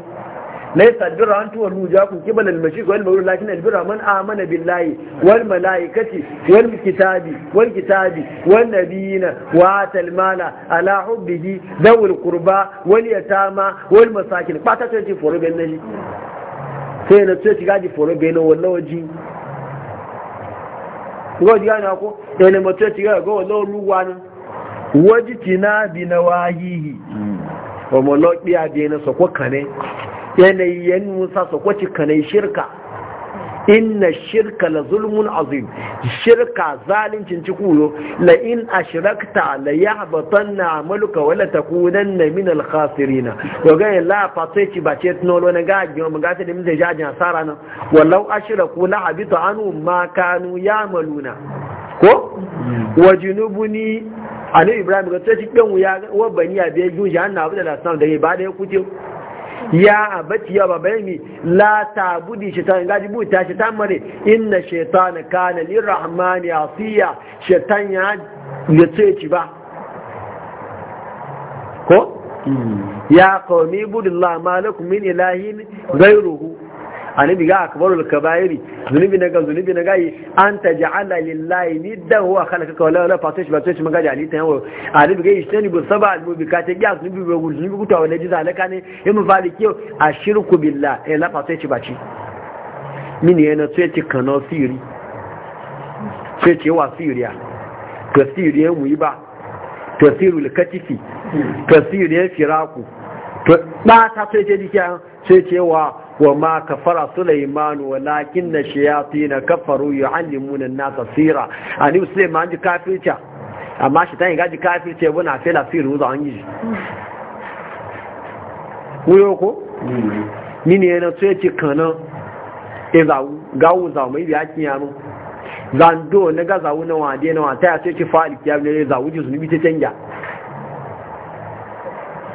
na yi sabbin tuwa ruja kun kibal na ilmashi wal mawlud lakin al-birra man amana layi. wal malaikati wal kitabi wal kitabi wani nabiyina wa talmana mala ala hubbihi dawul wani wal yatama wal masakin ba ta ce foro bene ne sai na ce shiga ji foro bene wannan waji ko ji ana ko ɗaya ne mutum shiga ga wannan ruwa ne tina bi na wahihi wa malobi adina so ko kane yanayin musa so ko kane shirka inna shirka la zulmun azim shirka zalincin ci kuyo la in ashrakta la yahbatanna amaluka wa la takunanna min al khasirin to ga la ba ce bace lo na ga gyo mu ga ta dim ja jajin asara na wallau ashraku la habita anu ma kanu yamaluna ko hmm. wajinubuni annabi ibrahim ga tsaci ɗan wuya wa bani a biyar juji an hannu abu da lasan da ya ba da ya kuce ya abati ba baba yami la tabudi shaitan gaji buta shaitan mare inna shaitana kana na asiya shaitan ya ya tsaci ba ko hmm. ya qawmi budillah malakum min ilahin ruhu. bi ga akbarul kaba'iri zunubi na ga zunubi na gayi an taj'ala lillahi nidda huwa khalaqaka wala wala fatash ba tash magaji ali ta yawo annabi ga ishtani bu saba al mubikata ga zunubi ba zunubi kuta wala jiza alaka ne yamu fali kiyo ashirku billah eh la fatash ba ci min yana tsaye kana siri sai ce wa siriya tasiriyar muyiba tasirul katifi tasiriyar firaku ba ta sai ce dikiya sai ce wa wa ma kafara sulaimanu, walakin na shi yafi na an limu na nasira. Ali Buse ji kafin amma Shetani ga ji kafin cewa ko na kai an gizi. Wuyo ko. Ni ne na so ya ci kan eh, gawo zama mai ba a cikin yaro? Zan do na ga na wa a daina ya sa ya ci faɗa da kiyaye ba su na biyu ta canja.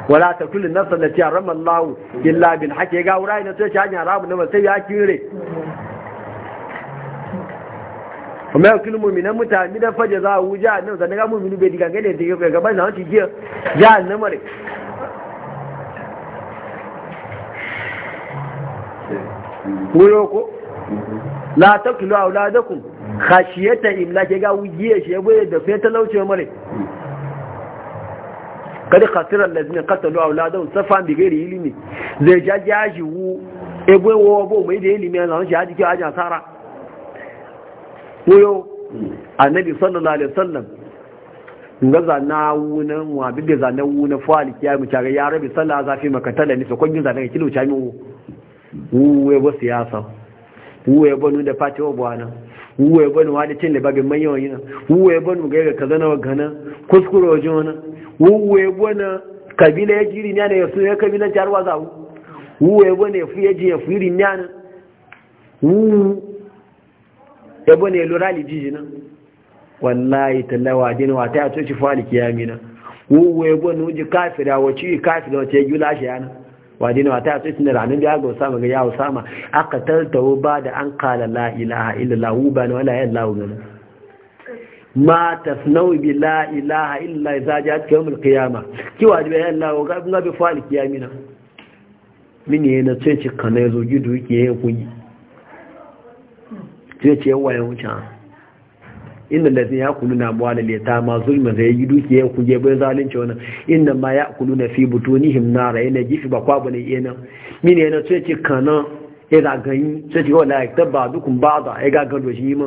wala ta kulli nafsan lati harama Allahu illa bil haqqi ga wurai na sai hanya rabu na sai ya kire kuma ya kullu mu'minan mutane da faje za hu ja nan zan ga mu'minu bai diga gane da ga ban nan ci giya ja na mare wuyo ko la takulu auladakum khashiyata imlaki ga wuje shi ya goye da fetalauce mare kada khasirar lazina qatalu auladun safan bi gairi ilimi zai jajaji wu egwe wo bo mai da ilmi an san shi haji ke ajin asara koyo annabi sallallahu alaihi wasallam ga zana wuna wa bi da zana wuna fali kiya mu tare ya rabi sallallahu zafi makatala ni so kun gin zana kilo chami wu wuwe bo siyasa wuwe bo nu da fatiwa bwana wuwe bo nu wani tin da babin manyan yana wuwe bo nu ga kaza na gana kuskure jona wuwe bona kabila ya jiri nyana ya suya kabila jarwa za wu wuwe bona ya fuye je ya fuyiri nyana wu ya bona ya lura lijiji na wallahi tallawa dina wata ya toci fali kiyami na wuwe bona wuji kafira wace kafira wace ya gula shi yana wadina wata ya tsoci na ranar da ya ga usama ga ya usama aka tartawo ba da an kala la ilaha illallah wu ba na wala ya lahu gana ma tasnawi bi la ilaha illa za ja ta yawmul qiyama ki wa da Allah ga ga bi fa al qiyamina min ne na ce ci kana zo gidu ki yayin kunyi ce ce waye wuce inna allazi yaquluna amwalal yatama zulma zai yi dukiya ku je bai zalunci wannan inna ma ya kulu na fi butunihim himnara yana gifi ba kwa ne yana min yana ce ce kana ya ga gani ce ce wala yaktabadu kum ba'da ya ga gado shi ma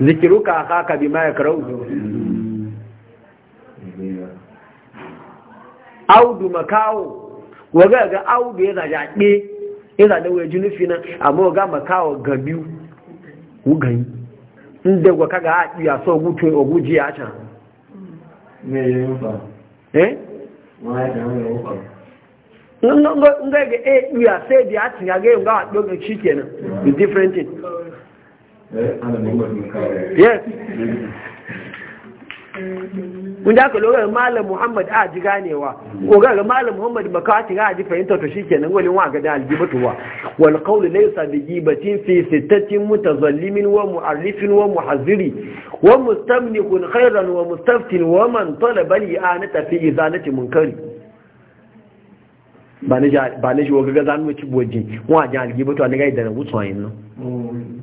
zikiruka akaka bima yakrau audu makawo waga ga audu ya zaja ɗe ya ji nufi na amma waga makawo ga biyu wugayi inda a iya so chaa. o guji ya ga e eh, iya sai different thing yes kun da kalora malam muhammad a ji ganewa kogar malam muhammad makati ga ji fahimta to shikenan wani wa ga da aljibatuwa wal qawl laysa bi gibatin fi sittatin mutazallimin wa mu'arrifin wa muhazziri wa mustamnikun khairan wa mustaftin wa man talaba li anata fi izalati munkari ba ne ba ne shi wa ga mu ci boji wa ga aljibatuwa ne ga idan wutsoyin yin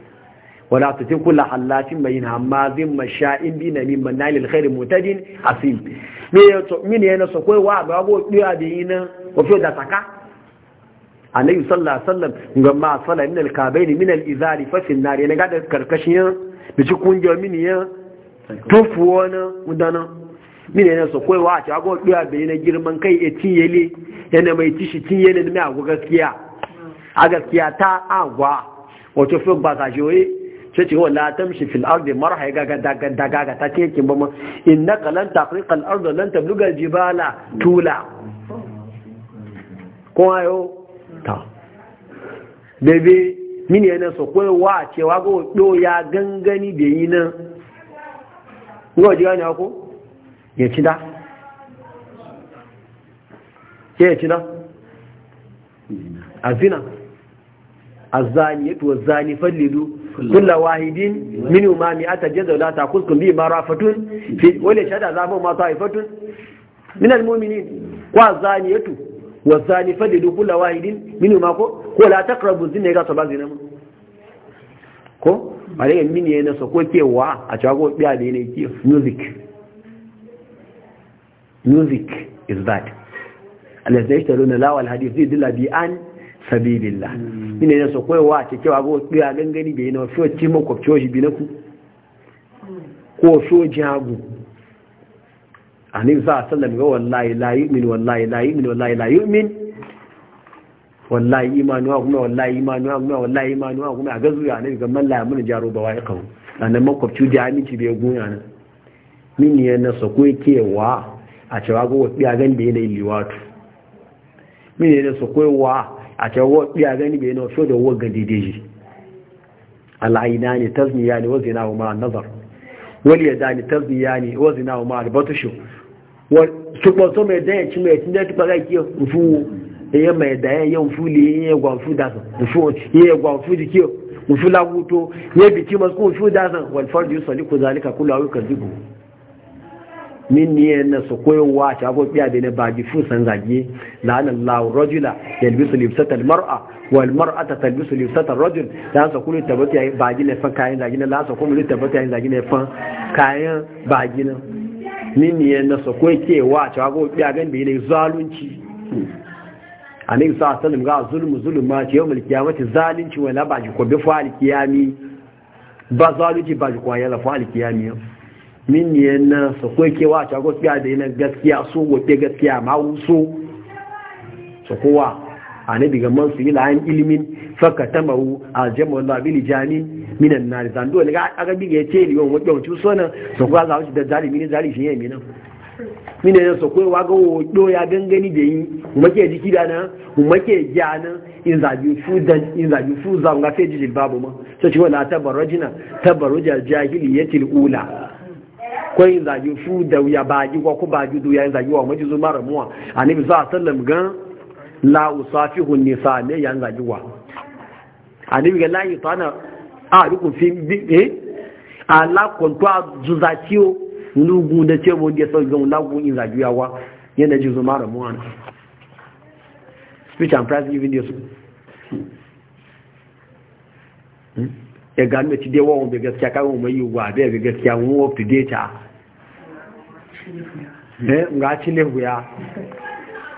ولا تطع كل حلاف مهين هماز مشاء بنميم منال من yana so wa ba go ko fi da saka annabi sallallahu alaihi wasallam ma sala min al min al-izari fa fi an-nar yana ga karkashin ci min ya mudana min yana so wa ta go girman kai e tiyele yana mai tishi ta agwa sai ce wala tamshi fil ardi marha ga dagaga ga ta ce kin ba mu innaka lan taqriqa al ardi lan tabluga al jibala tula ko ayo ta bebe mini yana so ko wa cewa go do ya gangani da yi nan ngo ji gani ko ya ci da ya ci da azina azani a zani fallidu kulla wahidin ma umami ata jaza la ta kuskun bi ma rafatun fi wala shada za mu ma taifatun min almu'minin wa zaniyatu wa zani fadidu kulla wahidin min ma ko ko la taqrabu zina ga to ba zina mu ko bare min ne na ke wa a cewa ko biya ne ne ki music music is that alladhi yashtaruna la wal hadith dilla bi sabilillah ina yaso su koyawa a cikin go tsira gangani bai na fiye ci ko shi bi na ku ko so jagu a sallallahu za a sallam ga wallahi la yu'min wallahi la yu'min wallahi la yu'min wallahi imanuwa kuma wallahi imanuwa kuma wallahi imanuwa kuma a gazu ya ne ga la mun jaro ba wai kawo sannan ci da aminci be gunya nan min ne na so ko kewa a cewa go tsira gangani da yanayin liwatu min ne na sa koyawa a ta waɗi a gani bai na so daidai waga daidaiji al'aina ne tasniya ne wazi na umar nazar wani ya dani tasniya ne wazi na umar batushu tukpaso mai daya ci mai tunda tukpa ga ki nfu eye mai daya ye nfu li yi gwa sun da san yi ye da nfu di ki nfu biki masu ye bi da masu nfu da yi sali fardu zalika kula wuka yukadzibu min niyan na su koyowa ta ko da na baji fun san zage la'ana Allahu rajula yalbisu libsata al-mar'a wa wal mar'ata talbisu libsata ar-rajul dan sa kullu tabati ya baji ne fan kayan zage na la sa kullu tabati ya zage ne fan kayan baji na min niyan na su koyi kewa ta ko biya gan bi ne zalunci alayhi sallallahu alaihi sanin ga zulmu zulma ce ya qiyamati zalunci wala baji ko bi fa al-qiyami ba zalunci baji ko ya la fa al-qiyami min ne na su kai kewa ta gaskiya da yana gaskiya su gobe gaskiya ma wuso su kowa a na ga man su yi la'ayin ilimin faka ta mawu a jama'a labili jami minan na rizan dole ga aka biga ya ce liyon wajen wancu sonan su kowa za su da zari mini zari shi yami minan. min ne su kai ga wodo ya gangani da yi umake jiki da nan umake ja in zabi dan in zabi fudan ga sai babu ma sai ci wala tabarrajina tabarrujal jahiliyatil ula ko yin fu da ya baji ko ku baji du yin zagi wa majizu mara muwa annabi sallallahu alaihi wasallam gan la usafihu nisa ne zagi e, wa ga layi tana a ruku fi eh ala kontu azuzatiyo nugu da ce mu da sai gan lagu yin zagi wa yana jizu mara muwa speech and prize giving you hmm? ya gano ci dai wawon bai gaskiya kawon mai yi wa bai gaskiya wun up to data eh ga ci ne huya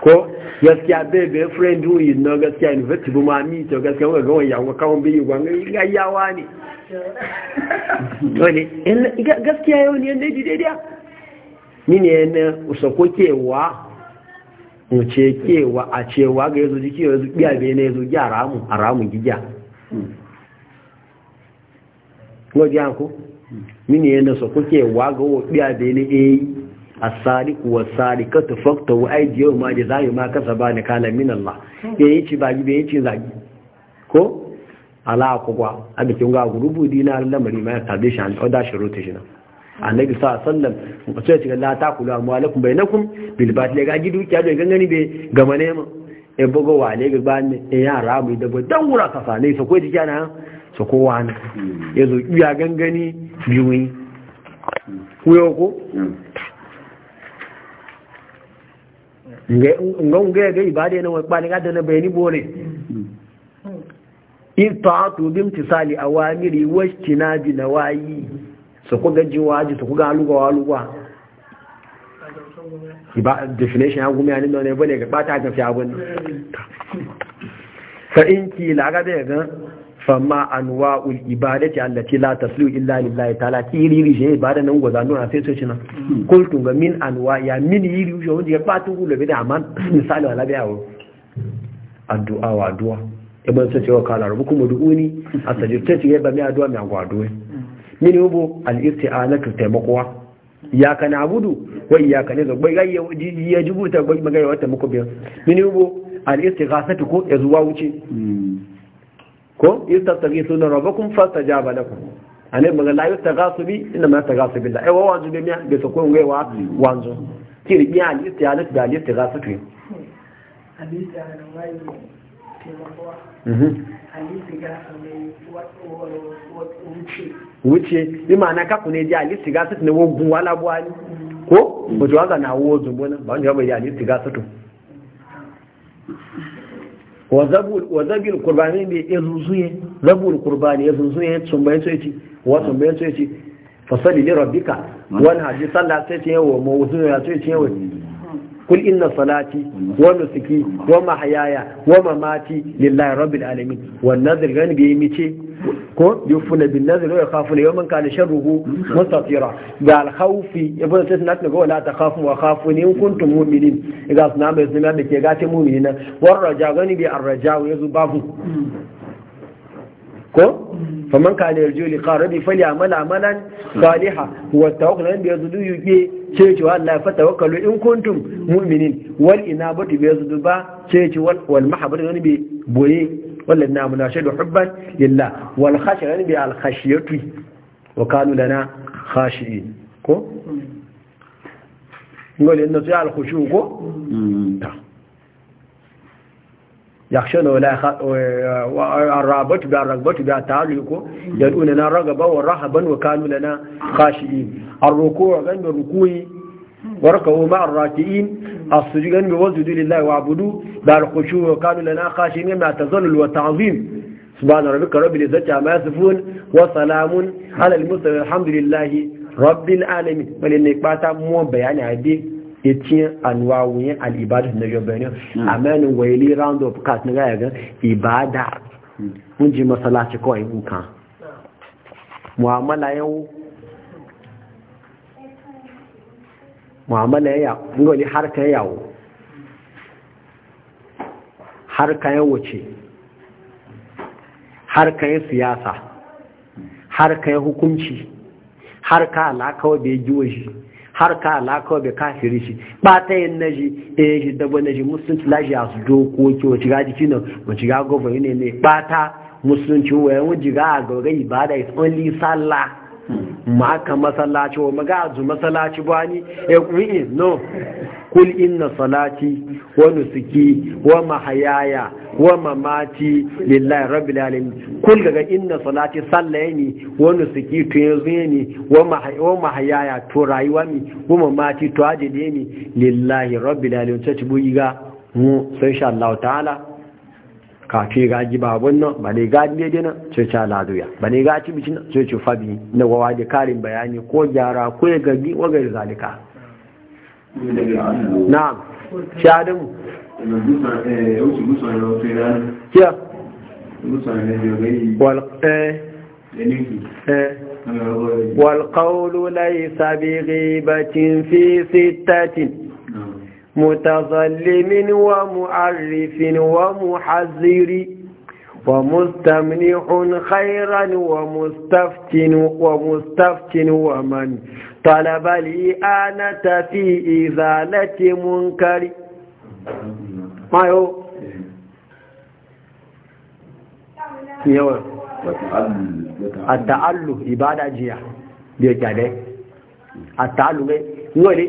ko gaskiya bai bai friend who is no gaskiya bu ma mi to gaskiya ga gawan yawo kawon bai yi wa ga yawa ne dole gaskiya yau ne ne dai dai ni ne na usako kewa mu ce kewa a cewa ga yazo jiki yazo biya bai ne yazo gyara mu haramun biya ko? mini yadda su kuke waga wa biya da ni e a sari wa sari ka ta fakta wa aiki yau ma da zai ma kasa ba ni kala min Allah ya yi ci bagi bai yi ci zagi ko ala kugwa a bikin ga gurubu dina lamari ma ya tabi shi an oda shi rota shi na annabi sa sallam sai ce la ta kula mu alaikum bainakum bil batil ga gidu kiya da gangani be gama ne ma e bogo wale ga ban e ya rabu da bo dan wura kasa ne sa ko jikana su kowa na ya zo ya gangani biyu yi kuyo ko ngon ga ga yana wani wai kwani na bayani bore in ta'atu bi imtisali awamiri washtina na nawayi su ku gaji waji su ku ga aluga waluga ba definition ya gumi a nuna ne bane ga bata ga fi abun fa in ki ga fama ul ibadati allati la taslu illa lillahi ta'ala kiri rije ibada nan gwaza nuna sai sai cina kultu ga min anwa ya min yiri rije wanda ya fatu gulo bi da aman misali wala bi awo addu'a wa addu'a ibn sai cewa kala rubukum a astajib sai ce ba mi addu'a mi addu'a min yubu al-isti'anatu taimakowa ya kana abudu wa iyyaka na'budu bai gayya ya ta bai magayya wata muku bi min yubu al-istighasatu ko yazuwa wuce ko yastaghithuna rabbakum fastajaba lakum ane maga la yastaghasu bi inna ma yastaghasu billah ewa wanzu be miya be sokon ngaiwa wanzu kiri biya ni istiyana da ni istaghasu tu hadisi ga wani hadisi ga wuce bi ma'ana kaku ne ji alisti gasatu ne wogun wala bwani. ko wato mhm. waza na wo zumbo na ba ya bai ji alisti gasatu wa zabul qurbani bi yazuzuye zabul qurbani yazuzuye tsumbayin tsoyaci wa tsumbayin tsoyaci fasali li rabbika wal sai ce wa mawzu ya sai ce wa kul inna salati wa nusuki wa mahyaya wa mamati lillahi rabbil alamin wannan bi yi mice ko yufuna bin nazar wa yakhafuna yawman kana sharruhu mustatira ga al khawfi ibn tasnat ne wala takhafu wa khafuni in kuntum mu'minin idan suna mai suna da ke gace mu'minina war raja gani bi arraja wa yazu babu ko faman kana yarju liqa rabbi falyamal amalan salihan wa tawakkal bi yazudu yuke ce ce wallahi fa tawakkalu in kuntum mu'minin wal inabatu bi yazudu ba ce ce wal mahabbatu bi boye wallan na muna shaidu hubban lillah wal khashiyatu bi al khashiyatu wa kanu lana khashiin ko ngole no ya al khushu ko ta yakhshuna wala arabatu bi arabatu bi ta'aluko yaduna na ragaban wa rahaban wa kanu lana khashiin ar ruku' wa ruku'i warka umar raki'in السجود بوجود لله وعبدوه دار خشوع وكانوا لنا خاشعين مع تذلل وتعظيم سبحان ربك رب العزة عما يصفون وسلام على المرسلين الحمد لله رب العالمين ولن باتا مو بيان عدي يتين انواعين العباده نجبني امان ويلي راوند اوف كات نغا عباده mun ji masalaci kawai in kan mu'amala yau mu'amala ya ngoli harka yawo harka ya wuce harka ya siyasa harka ya hukunci harka alakawa bai giwo shi harka alakawa bai kafiri shi ba ta yin na shi ɗaya eh, shi dabo na shi musulunci lashi a su dokoki wa ga jiki na wacce ga gwamnati ne ne ba ta musulunci wa yawon jiga a ba ibada is only sallah maka masallaci wa maga azu masallaci ba ni ya eh, kuyi no kul inna salati wa nusuki wa mahayaya wa mamati lillahi rabbil alamin kul daga inna salati sallaye ni wa nusuki to yanzu ni wa mahayaya to rayuwa ni wa mamati to ajide ni lillahi rabbil alamin ta ci ga mu sai insha Allah ta'ala kafi ga ji babun nan ba ne gaji daidai nan sai ta laduya ba ne gaji ci bici nan sai ce fabi na wawa da karin bayani ko gyara ko ya gaji wa gari zalika na shi adamu kiya والقول ليس بغيبة في ستة متظلم ومعرف ومحذر ومستمنح خيرا ومستفتن ومستفتن ومن طلب الإئانة في إزالة منكر ما هو يوم التعلق إبادة جيا بيجي عليه التعلق يولي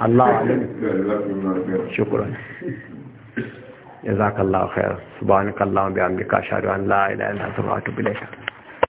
Allah alim. Shukran. Jazakallahu khair. Subhanakallahu bihamdika ashhadu an la ilaha illa anta astaghfiruka wa atubu ilayk.